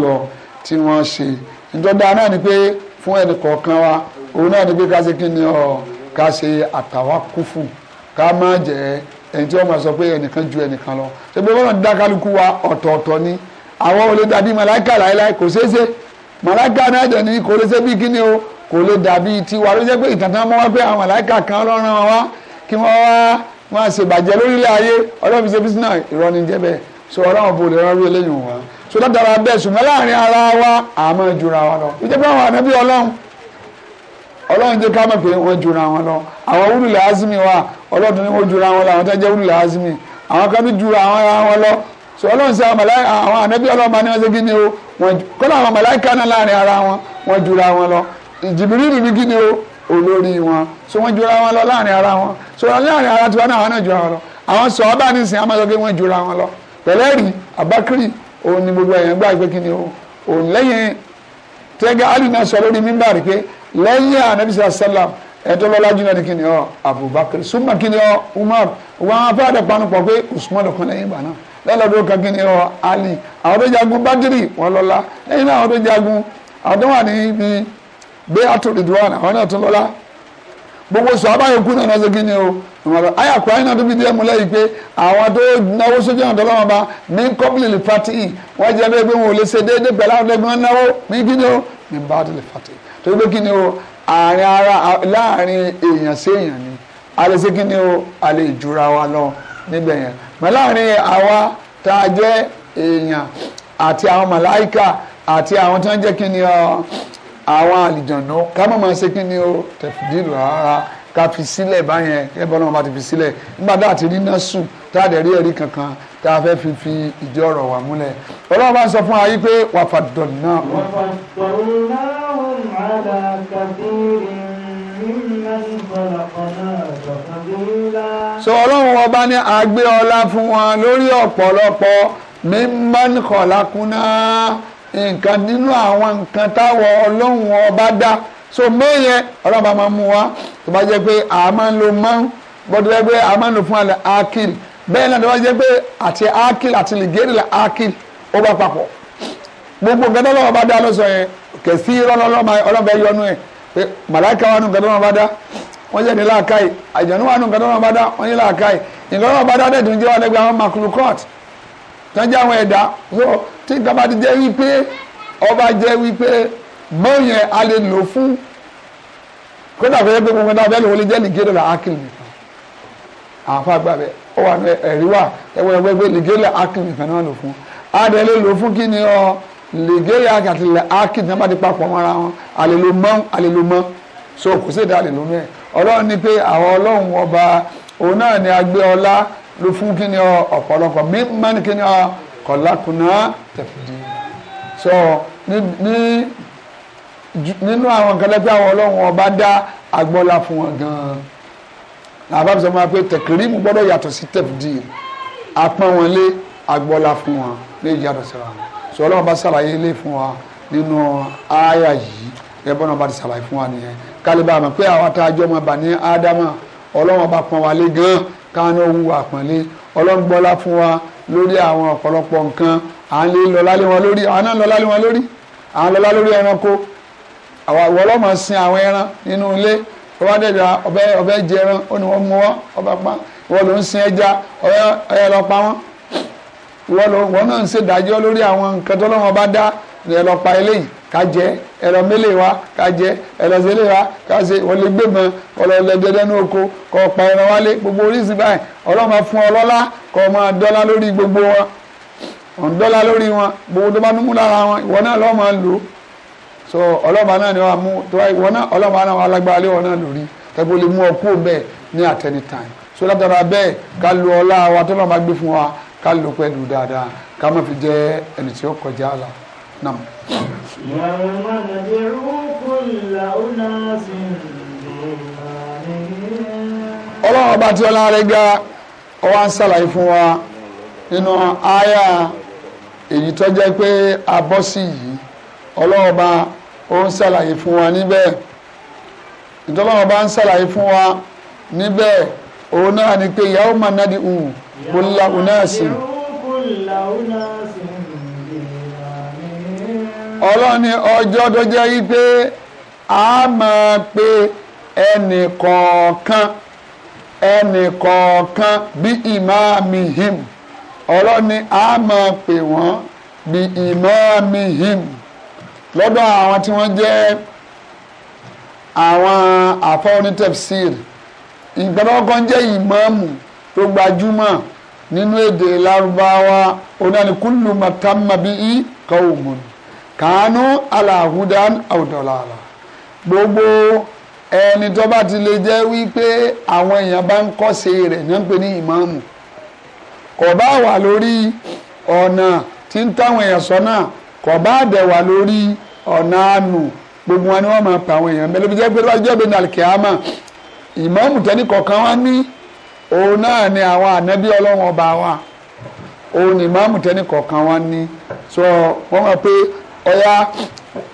fún ẹnì kọ̀ọ̀kan wa òun náà ni pé ká ṣe kí ni ọ ká ṣe àtàwá kúfù ká má jẹ ẹni tí wọ́n máa sọ pé ẹnìkan ju ẹnìkan lọ ṣe pé wọ́n dá kálukú wa ọ̀tọ̀ọ̀tọ̀ ni àwọn ò lè dàbí màláìka láéláé kò ṣeé ṣe màláìka náà dẹ̀ ni kò lè ṣe bí kí ni o kò lè dàbí tiwa ló jẹ́ pé ìtàn tán mọ́ wá pé àwọn màláìka kan ọlọ́run wọn wá kí wọ́n wá wọn ṣèbàjẹ́ lórílẹ̀ ayé ọlọ́run ṣe bísí náà irọ́ ni so ọlọ́run bò lè rán rí eléyìí wọn so látara bẹ́ẹ̀ ṣùgbọ́n ọlọ́run jẹ́ ká mọ̀ pé wọ́n jura wọn lọ àwọn wúlùlẹ̀ azimi wa ọlọ́run ní wọ́n jura wọn lọ àwọn tó jẹ́ wúlùlẹ̀ azimi àwọn kan ní jura wọn lọ so ọlọ́run sọ àwọn ànábì ọlọ́run bá ní wọ́n ṣe kí ni o kọ́lá àwọn màláìka náà láàrin ara wọn wọ́n jura wọn lọ jìbìrìlì ní kí ni o olórí wọn so wọ́n jura wọn lọ láàrin ara wọn so láàrin ara tiwa náà àwọn náà jura wọn lọ àwọn sọ ọba nísìnyí a máa sọ pé wọ́n jura wọn lọ lẹ́yìn ànábìsà Sallam, ẹ̀tọ́ lọ́lá jùlọ ní kíni ọ Abubakar suma kíni ọ Umar wọn afáàdà panupọ̀ pé Usman lọ́kàn lẹ́yìn ìgbà náà lẹ́lọ́dún kan ọ Ali àwọn tó jagun Badiri wọn lọ́lá lẹ́yìn náà àwọn tó jagun àwọn tó wà ní ibi gbé àtòrìdùwọ̀n àwọn náà tó lọ́lá gbogbo sọ abáyọ kú náà lọ́sẹ̀ kíni o àyà kura yín náà tó fi díẹ̀ múlẹ̀ yìí pé àwọn tó náwó sójú náà tọ́lọ́wọ́ bá fati wọ́n jẹ́ bẹ́ẹ̀ pé wọn ò lè ṣe fati tó gbé kí ni o àárín ara láàrin èèyàn sí èèyàn ni a lè ṣe kí ni o a lè jura wa lọ níbẹ̀ yẹn mọ láàrin àwa tá a jẹ́ èèyàn àti àwọn màláìkà àti àwọn tí wọ́n jẹ́ kí ni o àwọn àlìjànú ká má máa ṣe kí ni o tẹ̀fìdì rárá ká fi sílẹ̀ báyẹn kẹ́ bọ́lá wọn bá ti fi sílẹ̀ nígbà tá a sùn tá a dẹ̀ rí ẹ̀rí kankan tá a fẹ́ fi fi ìdí ọ̀rọ̀ wà múlẹ̀ ọlọ́run bá ń sọ fún wa yí pé wàfà dọ̀n náà. wàfà dọ̀n náà wọ́n máa dà kàfíìrì so ọlọ́run ọba ní agbé ọlá fún wọn lórí ọ̀pọ̀lọpọ̀ mímọ́n kọ̀lákúná nǹkan nínú àwọn nǹkan táwọ̀ ọlọ́run ọba dá so mẹ́yẹn ọlọ́ba máa mú wa tó bá jẹ́ pé a máa ń lo mọ́n bọ́dọ̀ jẹ́ pé a máa ń lo fún alẹ́ akiri bẹ́ẹ̀ náà ni wọ́n jẹ́ pé àti akil àti ligeri la akil ó bá papọ̀ gbogbo nǹkan tó lọ́wọ́ bá dá lọ́sọ̀ yẹn kẹ̀sí ọlọ́mọba yọnu ẹ̀ pé màláìka wà nù nǹkan tó lọ́wọ́ bá dá wọ́n jẹ́ ní làákàyè àjọ̀nú wà nù nǹkan tó lọ́wọ́ bá dá wọ́n ní làákàyè nǹkan tó lọ́wọ́ bá dá dẹ̀dùn jẹ́ wà lẹ́gbẹ̀ẹ́ àwọn makulu court tó ń jẹ́ àwọn ẹ̀dá so tí nǹkan bá ti jẹ́ wípé ọba jẹ́ wípé bóyẹn a lè lò fún kódà fẹ́ gbogbo nǹkan tó ó wà ní ẹ̀rí wà ẹwọ́ ẹgbẹ́ pé lìgẹ́lẹ̀ ákì nìkan náà lò fún adé lè lò fún kí ni ọ lìgẹ́lẹ̀ ákì àti lẹ̀ ákì nìkan bá ti papọ̀ mọ́ra wọn àlèlò mọ́ àlèlò mọ́ so kò sí èdè àlèlò mẹ́ ọlọ́run ni pé àwọn ọlọ́run ọba òun náà ni agbé ọlá ló fún kí ni ọ ọ̀pọ̀lọpọ̀ mímọ́ ni kí ni ọ kọ̀lákùnà tẹ̀fìdì so ní nínú àwọn nǹkan àwọn ọlọ́run ọba dá agbọ́lá fún wọn gan-an làbá sọ ma pé tẹkirimu gbọ́dọ̀ yàtọ̀ sí tẹfidiri apọn wọn lé agbọla fún wọn léyìí yàtọ̀ síra wọn sọ Ọlọ́run bá ṣàlàyé lé fún wa nínú àyà yìí ẹbọn náà bá ti ṣàlàyé fún wa nìyẹn kálíbà àmọ́ pé àwọn àtàjọ ọmọ bà ní ádámà Ọlọ́run bá pọn wa lé gan káwọn náà wúwo àpọnlé Ọlọ́run gbọ́lá fún wa lórí àwọn ọ̀pọ̀lọpọ̀ nǹkan à ń lè lọ lálé wọn lórí àwọn náà lọ lálé wọn lórí à ń lọ lórí ẹranko àwọn sin àwọn ẹran nínú ilé ó wá dẹ̀bi ọbẹ̀ ọbẹ̀ jẹ ẹran ó ní wọ́n mú wọ́n ọba pa wọ́n ló ń sin ẹja ọyẹ lọ pa wọ́n wọ́n ló wọ́n náà ń ṣèdájọ́ lórí àwọn nǹkan tó lọ́wọ́ bá dá ẹ lọ pa eléyìí ká jẹ ẹ lọ mélèé wa ká jẹ ẹ lọ sẹlẹ̀ wa ká ṣe wọ́n lè gbé mọ́ ọlọ́ lẹ́dẹ́dẹ́ ní oko kọ́ pa ẹran wálé gbogbo oríṣi báyìí ọlọ́run fún ọ lọ́lá kọ́ máa dọ́lá lórí gbogbo wọn ọ̀n dọ́lá lórí wọn gbogbo tó bá númú lára wọn ìwọ náà lọ́ọ́ máa lò ó so ọlọ́ba náà ni wọ́n á mú wọn náà náà lè mú ọ bẹ́ẹ̀ ní at any time so látara bẹ́ẹ̀ ká lu ọlá wa tó gbé fún wa ká lò pẹ̀lú dáadáa ká má fi jẹ́ ẹni tí ó kọjá la nam. yàrá ọlọ́run ọba tí ọlá fún wa nínú àyà èyí tó jẹ́ ó ń ṣàlàyé fún wa níbẹ̀ ìtọ́lọ́wọ́ bá ń ṣàlàyé fún wa níbẹ̀ òun náà ni pé ìyàwó máa ná di hù kúlá unásì. ọlọ́run ní ọjọ́ tó jẹ́ wípé a máa pe ẹnì kọ̀ọ̀kan ẹnì kọ̀ọ̀kan bí ìmáàmì him ọlọ́run ni a máa pe wọ́n bí ìmáàmì him. lọ́dọ̀ àwọn tí wọ́n jẹ́ àwọn àfọ́ onítẹ̀fsir ìgbàlọ́kọ́ jẹ́ ìmáàmù tó gbajúmọ̀ nínú èdè lárúbáwá onánikúlù màtàmàbí i kàwùmùn kàánú aláhùdán àwùdọ̀làlà gbogbo ẹni tó bá ti lè jẹ́ wípé àwọn èèyàn bá ń kọ́ṣe rẹ̀ ní ń ní ìmáàmù kò bá wà lórí ọ̀nà tí ń táwọn èèyàn sọ náà kò bá dẹ̀ wà lórí ọ̀nà àánú gbogbo wọn ni wọ́n máa pa àwọn èèyàn mẹ́lẹ́ bí jẹ́ pé wọ́n jẹ́ bí nàìjíríà àmà ìmọ̀ọ́mù tẹ́ni kọ̀ọ̀kan wá ní òun náà ni àwọn ànábí ọlọ́run ọba wa òun ìmọ̀ọ́mù tẹ́ni kọ̀ọ̀kan wá ní sọ wọ́n mọ̀ pé ọ̀yá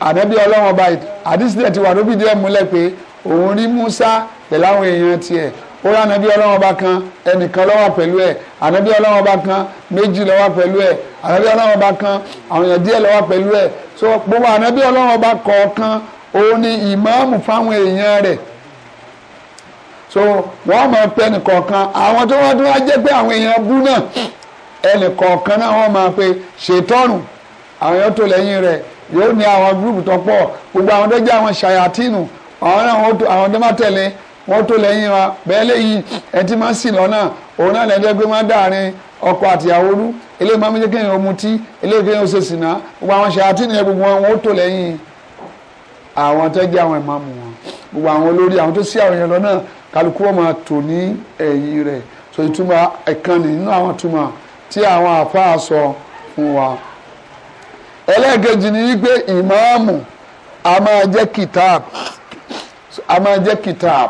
ànábí ọlọ́run ọba àdìsílẹ̀ ti wà lóbi díẹ̀ múlẹ̀ pé òun rí Musa pẹ̀lú àwọn èèyàn tiẹ̀ ó rà ànábì ọlọ́run ọba kan ẹnìkan ló wà pẹ̀lú ẹ̀ ànábì ọlọ́run ọba kan méjì ló wà pẹ̀lú ẹ̀ ànábì ọlọ́run ọba kan àwọn èèyàn díẹ̀ ló pẹ̀lú ẹ̀ so gbogbo ànábì ọlọ́run ọba kọ̀ọ̀kan òun ni ìmáàmù fáwọn èèyàn rẹ̀ so wọ́n máa pe ẹnìkọ̀ọ̀kan àwọn tó wọ́n tó wá jẹ́ pé àwọn èèyàn bú náà ẹnìkọ̀ọ̀kan náà wọ́n máa pe ṣètọ́nù àwọn yóò tó lẹ́yìn rẹ̀ yóò ní àwọn gúrùpù tó pọ̀ gbogbo àwọn tó jẹ́ àwọn ṣàyàtìnù àwọn náà àwọn tó máa tẹ̀lé wọ́n tó lẹ́yìn wa bẹ́ẹ̀ lẹ́yìn ẹ ti máa sìn lọ́nà òun náà lẹ́jọ́ ma máa ọkọ àtìyàwó rú eléyìí máa ń jẹ́ kéèyàn eléyìí kéèyàn ṣe sìnà gbogbo àwọn ṣàtì nìyẹn gbogbo wọn wọ́n tó lẹ́yìn àwọn tẹ́jú àwọn ẹ̀ máa mú wọn gbogbo àwọn olórí àwọn tó sí àwọn èèyàn lọ́nà kálukú wọn máa tò ní ẹ̀yìn rẹ̀ ìtumọ̀ nínú àwọn ìtumọ̀ tí àwọn sọ fún wa ẹlẹ́ẹ̀kejì ni wípé ìmáàmù a máa jẹ́ a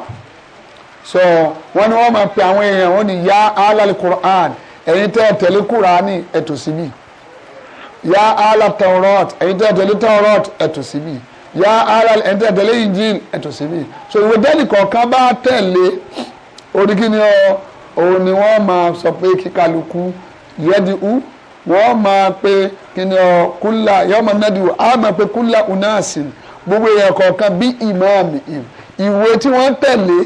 so wọ́n ní wọ́n máa pe àwọn èèyàn wọ́n ní ya alal Qur'an ẹ̀yin tẹ́ ẹ tẹ̀lé Qur'ani ẹ̀tọ́ síbí yá alal Tawrat ẹ̀yin tẹ́ ẹ tẹ̀lé Tawrat ẹ̀tọ́ síbí yá alal ẹ̀yin tẹ́ ẹ tẹ̀lé Injil ẹ̀tọ́ síbí so ìwé dẹ́nì kọ̀ọ̀kan bá tẹ̀lé oníkíni ọ òun ni wọ́n máa sọ pé kíkálukú yẹ́di ú wọ́n máa pe kíni ọ kúlà yọ́mọ náà di máa pe kúlà unasin gbogbo èèyàn kọ̀ọ̀kan bí ìmáàmì ìmáàmì ìwé tí wọ́n tẹ̀lé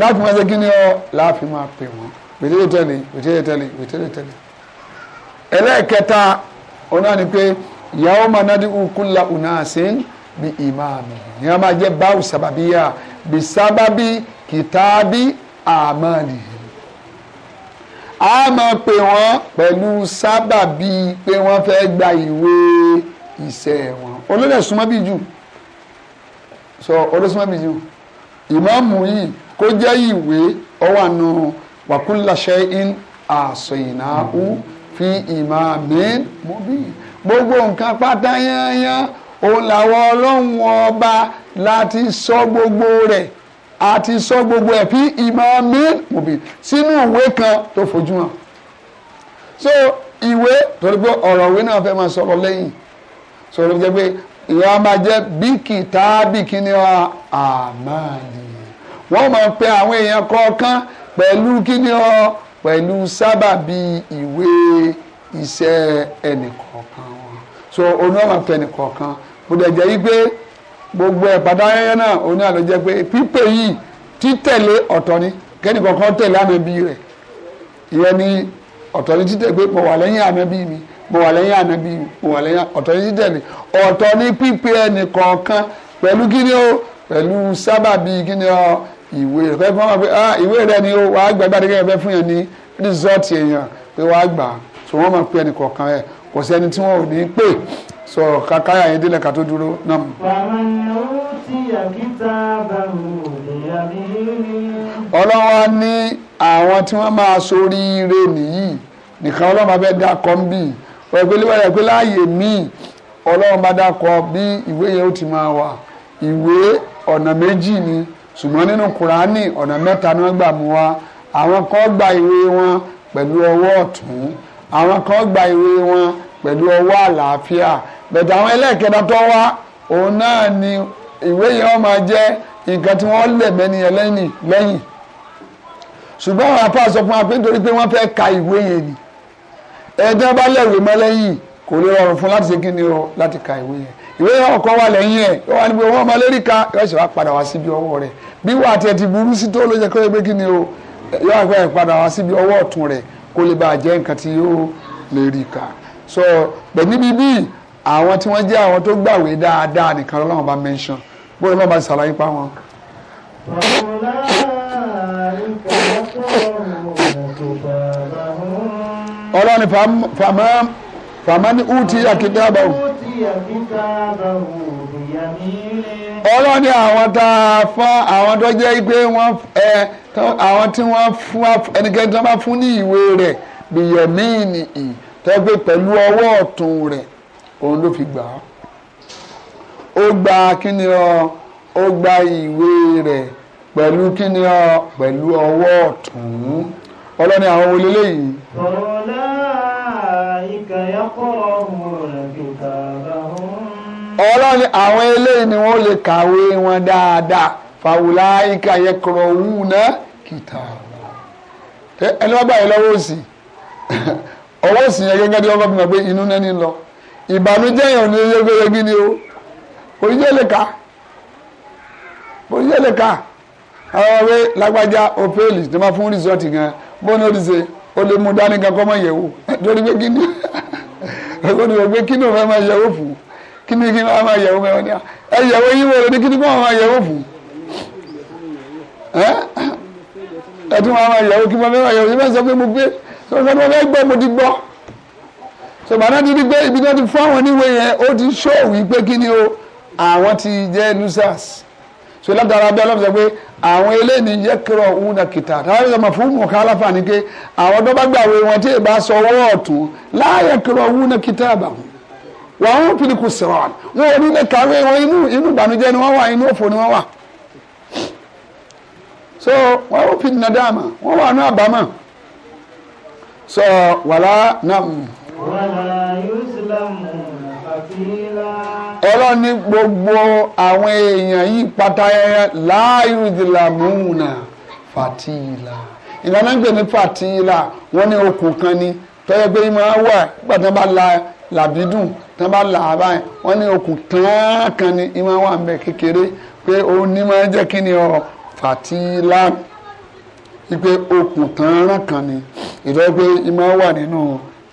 láti máa ṣe kí ni ọ láàfin máa pè wọ́n wètélè tẹ̀lé wètélè tẹ̀lé wètélè tẹ̀lé. ẹlẹ́ẹ̀kẹta ọ̀nà ni pé ìyàwó máa nádí ukúla unasin bí ìmáàmì ni wọ́n máa jẹ́ báwù sábàbíyà bí sábàbí kìtàbí àmàlì. a máa pè wọ́n pẹ̀lú sábàbí pé wọ́n fẹ́ gba ìwé iṣẹ́ wọn olóòlẹ̀ súnmọ́ bí jù so olóòlẹ̀ súnmọ́ bí So, ìmáàmù yìí kó jẹ́ ìwé ọwọ́ àánú wàkúńláṣẹ́ in àṣọyìnàáhù fi ìmáàmì mọ́bí gbogbo nǹkan pátá yányán òun làwọn ọlọ́run ọba láti sọ gbogbo rẹ̀ àti sọ gbogbo ẹ̀ fi ìmáàmì mọ́bí sínú ìwé kan tó fojú hàn so ìwé torí pé ọ̀rọ̀ ìwé náà fẹ́ máa sọ̀rọ̀ lẹ́yìn sọ̀rọ̀ jẹ́ pé ìyá máa jẹ́ bíkì tábì kíní wa àmàlì wọ́n máa pe àwọn èèyàn kọ̀ọ̀kan pẹ̀lú kíní ọ pẹ̀lú sábàbí ìwé iṣẹ́ ẹnìkọ̀ọ̀kan wọn so oní ọmọ pẹ̀ ẹnìkọ̀ọ̀kan mo dẹ̀ jẹ́ wípé gbogbo ẹ̀ pàdánayẹyẹ náà oní àlọ́ jẹ́ pé pípé yìí títẹ̀lé ọ̀tọ̀ ni kẹ́nìkọ̀ọ̀kan tẹ̀lé ànábì rẹ̀ ìyẹn ni ọ̀tọ̀ ni títẹ̀ pé mo wà lẹ́yìn ànábì mi mo wà lẹ́yìn ànábì mo wà lẹ́yìn ọ̀tọ̀ ní títẹ̀lé ọ̀tọ̀ ní pípé ẹnì kọ̀ọ̀kan pẹ̀lú kíni o pẹ̀lú sábàbí kíni o ìwé rẹ fẹ́ fún wa pé ah ìwé rẹ ni o wàá gbàgbà dé kẹ́kẹ́ fẹ́ fún yẹn ní rìsọ́ọ̀tì èèyàn pé wàá gbà so wọ́n máa pè ẹnì kọ̀ọ̀kan ẹ̀ kò sẹ́ni tí wọ́n ò ní pè sọ kakáyà yẹn délẹ̀ ká tó dúró náà. ọlọ́wọ́ ní àwọn tí wọ́n máa soríire nìyí nìkan ọlọ́mọ abẹ́ dá kọ́ńbì wọ́n pé níwájú pé láàyè míì ọlọ́run bá dákọ bí ìwé yẹn ó ti máa wà ìwé ọ̀nà méjì ni ṣùgbọ́n nínú kùránì ọ̀nà mẹ́ta ni wọ́n gbà mú wa àwọn kan gba ìwé wọn pẹ̀lú ọwọ́ ọ̀tún àwọn kan gba ìwé wọn pẹ̀lú ọwọ́ àlàáfíà bẹ̀tẹ̀ àwọn ẹlẹ́ẹ̀kẹta tó wá òun náà ni ìwé yẹn wọ́n máa jẹ́ nǹkan tí wọ́n lẹ̀ mẹ́ni yẹn lẹ́yìn ṣùgbọ́n àwọn apá fún wa pé nítorí pé wọ́n fẹ́ ka ìwé yẹn ni ẹjọ́ bá lẹ̀wé mọ́ lẹ́yìn kò lè rọrùn fún láti ṣe kí ni o láti ka ìwé yẹn ìwé ọkọ wà lẹ́yìn ẹ̀ ó wà níbi owó ọmọ lérí ka yóò ṣe wá padà wá síbi ọwọ́ rẹ̀ bí wà tiẹ̀ ti burú sí tó ló jẹ́ kó yẹ pé kí ni o yóò wá padà wá síbi ọwọ́ ọ̀tún rẹ̀ kó lè bàa jẹ́ nǹkan tí yóò lè rí ka so bẹ̀ níbi bíi àwọn tí wọ́n jẹ́ àwọn tó gbàwé dáadáa nìkan lọ́wọ́ bá mention bóyá ọlọ́ni fàmọ́ fàmọ́ni uti akitaba o. ọlọ́ni àwọn tá a fún àwọn tó jẹ́ pé wọ́n ẹ àwọn tí wọ́n fún ẹnikẹ́ni tí wọ́n bá fún ní ìwé rẹ̀ bìyẹ̀míìnì tẹ́gbẹ́ pẹ̀lú ọwọ́ ọ̀tún rẹ̀ òun ló fi gbà á ó gba kíni ọ ó gba ìwé rẹ̀ pẹ̀lú kíni ọ pẹ̀lú ọwọ́ ọ̀tún. ọlọ́ni àwọn wo leléyìí. yi. àwọn eléyìí ni wọ́n lè kàwé wọn dáadáa fàwùlà ìkàyà kọ̀rọ̀ ọ̀hún náà ẹni wọ́n báyìí lọ́wọ́ òsì ọwọ́ òsì yẹn gẹ́gẹ́ bí wọ́n bá fi mọ̀ pé inú náà lọ ìbànújẹ́ yẹn ò ní ni o oníjẹ́ lè ka? oníjẹ́ lè ka? àwọn ọ̀rẹ́ lágbájá òpéèlì tó máa bó ní oríṣi o lè mú dání kan kọ́ mọ̀ yẹ̀wò torí pé kíni o ní o pé kíni o fẹ́ máa yẹ̀wò fún kíni kíni o máa yẹ̀wò fún ẹ yẹ̀wò yín wọlé ní kíni kọ́ máa yẹ̀wò fún ẹ tún máa máa yẹ̀wò kí wọ́n fẹ́ máa yẹ̀wò yín fẹ́ sọ pé mo gbé sọ pé mo fẹ́ gbọ́ mo ti gbọ́ sọgbàdá ti di pé ibi tó ti fún àwọn oníwèé yẹn ó ti ṣó pé kíni o àwọn ti jẹ́ nusas so látara bí ọlọ́run sọ pé àwọn eléyìí jẹ́ kírọ̀ òun náà kìtà táwọn ọmọ fún mọ̀ká aláfà ni pé àwọn tó bá gbàwé wọn tí èèbá sọ ọwọ́ ọ̀tún láàyè kírọ̀ òun náà kìtà àbà wọn wọn fi ni kò sọ̀rọ̀ wọn ò ní lè kàwé wọn inú inú ìbànújẹ́ ni wọ́n wà inú òfò ni wọ́n wà so wọn ò fi ni nàdàmà wọn wà ní àbámọ̀ so wàlá nam. wàlá yóò sílámù àti ọlọ́run gbogbo àwọn èèyàn yìí pátá láàyò ìdìlàmúnà fàtíìlà ìlànà gbè ní fàtíìlà wọ́n ní okùn kan ni tọ́yẹ pé máa wà nígbà tí wọ́n bá la làbídùn tí wọ́n bá là á báyìí wọ́n ní okùn tán kan ni ìmọ̀ wà ń bẹ pé òun máa jẹ́ kí ni ọ okùn tán kan ni ìtọ́jú ìmọ̀ wà nínú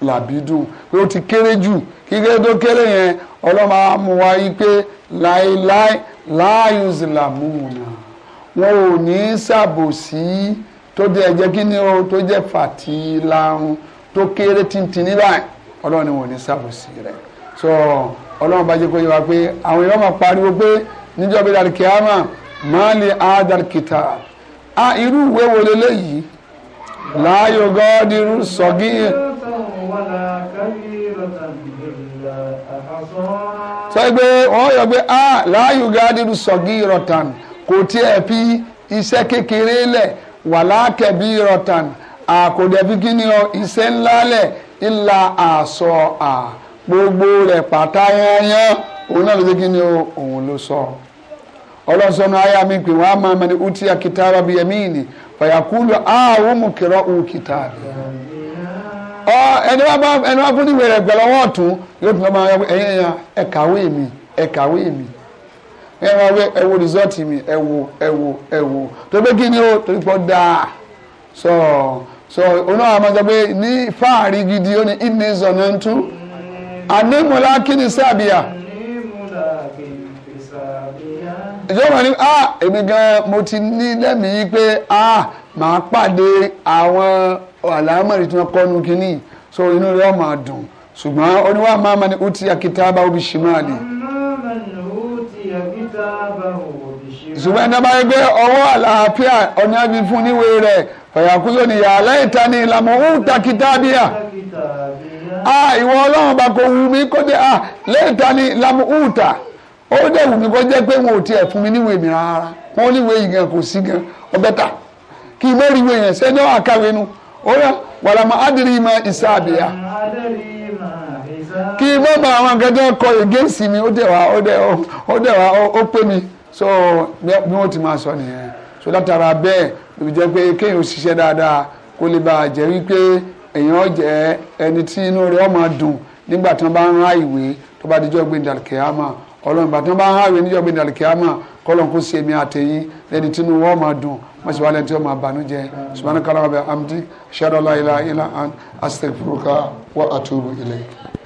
làbídùn pé ó ti kéré jù kíkẹ́ tó kéré yẹn ọlọ́mọ amúwa yìí pé láéláé láàyùsìlámùnà wọn ò ní ṣàbòsí tó dé ẹ̀jẹ̀ kí ni o tó jẹ́ fàtí larun tó kéré tìǹtìǹ níbà ọlọ́run ni wọn ò ní ṣàbòsí rẹ̀ so ọlọ́run bá jẹ́ kó yẹ wa pé àwọn èèyàn máa pariwo pé níjọba ìdàrí kìámà máa lè àádàrí kìtà irú ìwé wo leléyìí láàyò gọ́ọ́dì irú sọ́gí. sọ pé wọ́n yọ pé a láàyò gádìrú sọ̀gí rọ̀tàn kò tiẹ̀ fi iṣẹ́ kékeré lẹ̀ wà lákẹ̀bí rọ̀tàn àkòdẹ̀bí kíni ọ iṣẹ́ ńlá lẹ̀ ńlá àṣọ à gbogbo rẹ̀ pátá yányán òun náà ló dé kíni o òun ló sọ ọlọ́sọ̀nù àyà mi pè wọ́n á máa mẹ́ni uti akitara bíi ẹ̀mí ìní fàyàkúlù àwọn òmùkìrọ̀ òkìtà rẹ̀ ọ ẹni wá bá ẹni wá fún ní ìwé rẹ̀ gbẹ̀lọ́ wọ́n tún yóò tún máa ẹyẹ ya ẹ kàwé mi ẹ kàwé mi ẹ wá wẹ ẹ wo rìsọ́ọ̀tì mi ẹ wo ẹ wo ẹ wo tó bẹ́ẹ̀ kí ni ó torí pọ̀ dáa sọ sọ onáwó àmọ́ sọ pé ní fáàrí gidi ó ní ìnìzọ̀ náà ń kí ni sábìyà ìjọba ni ah èmi gan mo ti ní lẹ́mìí pé ah màá pàdé àwọn àlámọ̀rí tí wọ́n kọ́nu kínní so inú rẹ̀ ọmọ àdùn ṣùgbọ́n oníwà máa ma ní uti akitaba obi shimali. ṣùgbọ́n ẹni bá yẹ pé ọwọ́ àlàáfíà ọ̀nà bí fún níwèé rẹ̀ ọ̀yàkú yóò ní yàrá ìta ni la muuta ta kìtàbíà ah ìwọ ọlọ́run bá kò wù mí ah lẹ́ẹ̀ta ni la muuta. ó dẹ̀ wù mí kó jẹ́ pé wọn ò tiẹ̀ fún mi níwèé mi rárá wọn níwèé yìí gan kò sí gan ọ̀rọ̀ wàlámà ádìrí ma ìsá àbíyá kí n bá ba àwọn akẹ́kẹ́ kọ ìgéǹsì mi ó dẹ̀ ó ó ó pé mi so bí wọ́n ti máa sọ nìyẹn so látara bẹ́ẹ̀ lóbi jẹ́ pé kéèyàn ṣiṣẹ́ dáadáa kó lè bàa jẹ́ wípé èèyàn jẹ ẹni tí inú dùn nígbà tí bá ń ìwé tó bá gbé ọlọ́run ìgbà tí wọ́n bá ń hàwé níjọ́ gbé dàlùkì àmà kọ́lọ́n kó sèmi àtẹ̀yìn lẹ́ni tínú wọ́n máa dùn wọ́n sì wá lẹ́ni tí wọ́n máa bànújẹ́ subahana kala wa bẹ amdi shadala ila ila an astaghfiruka wa atubu ilayk.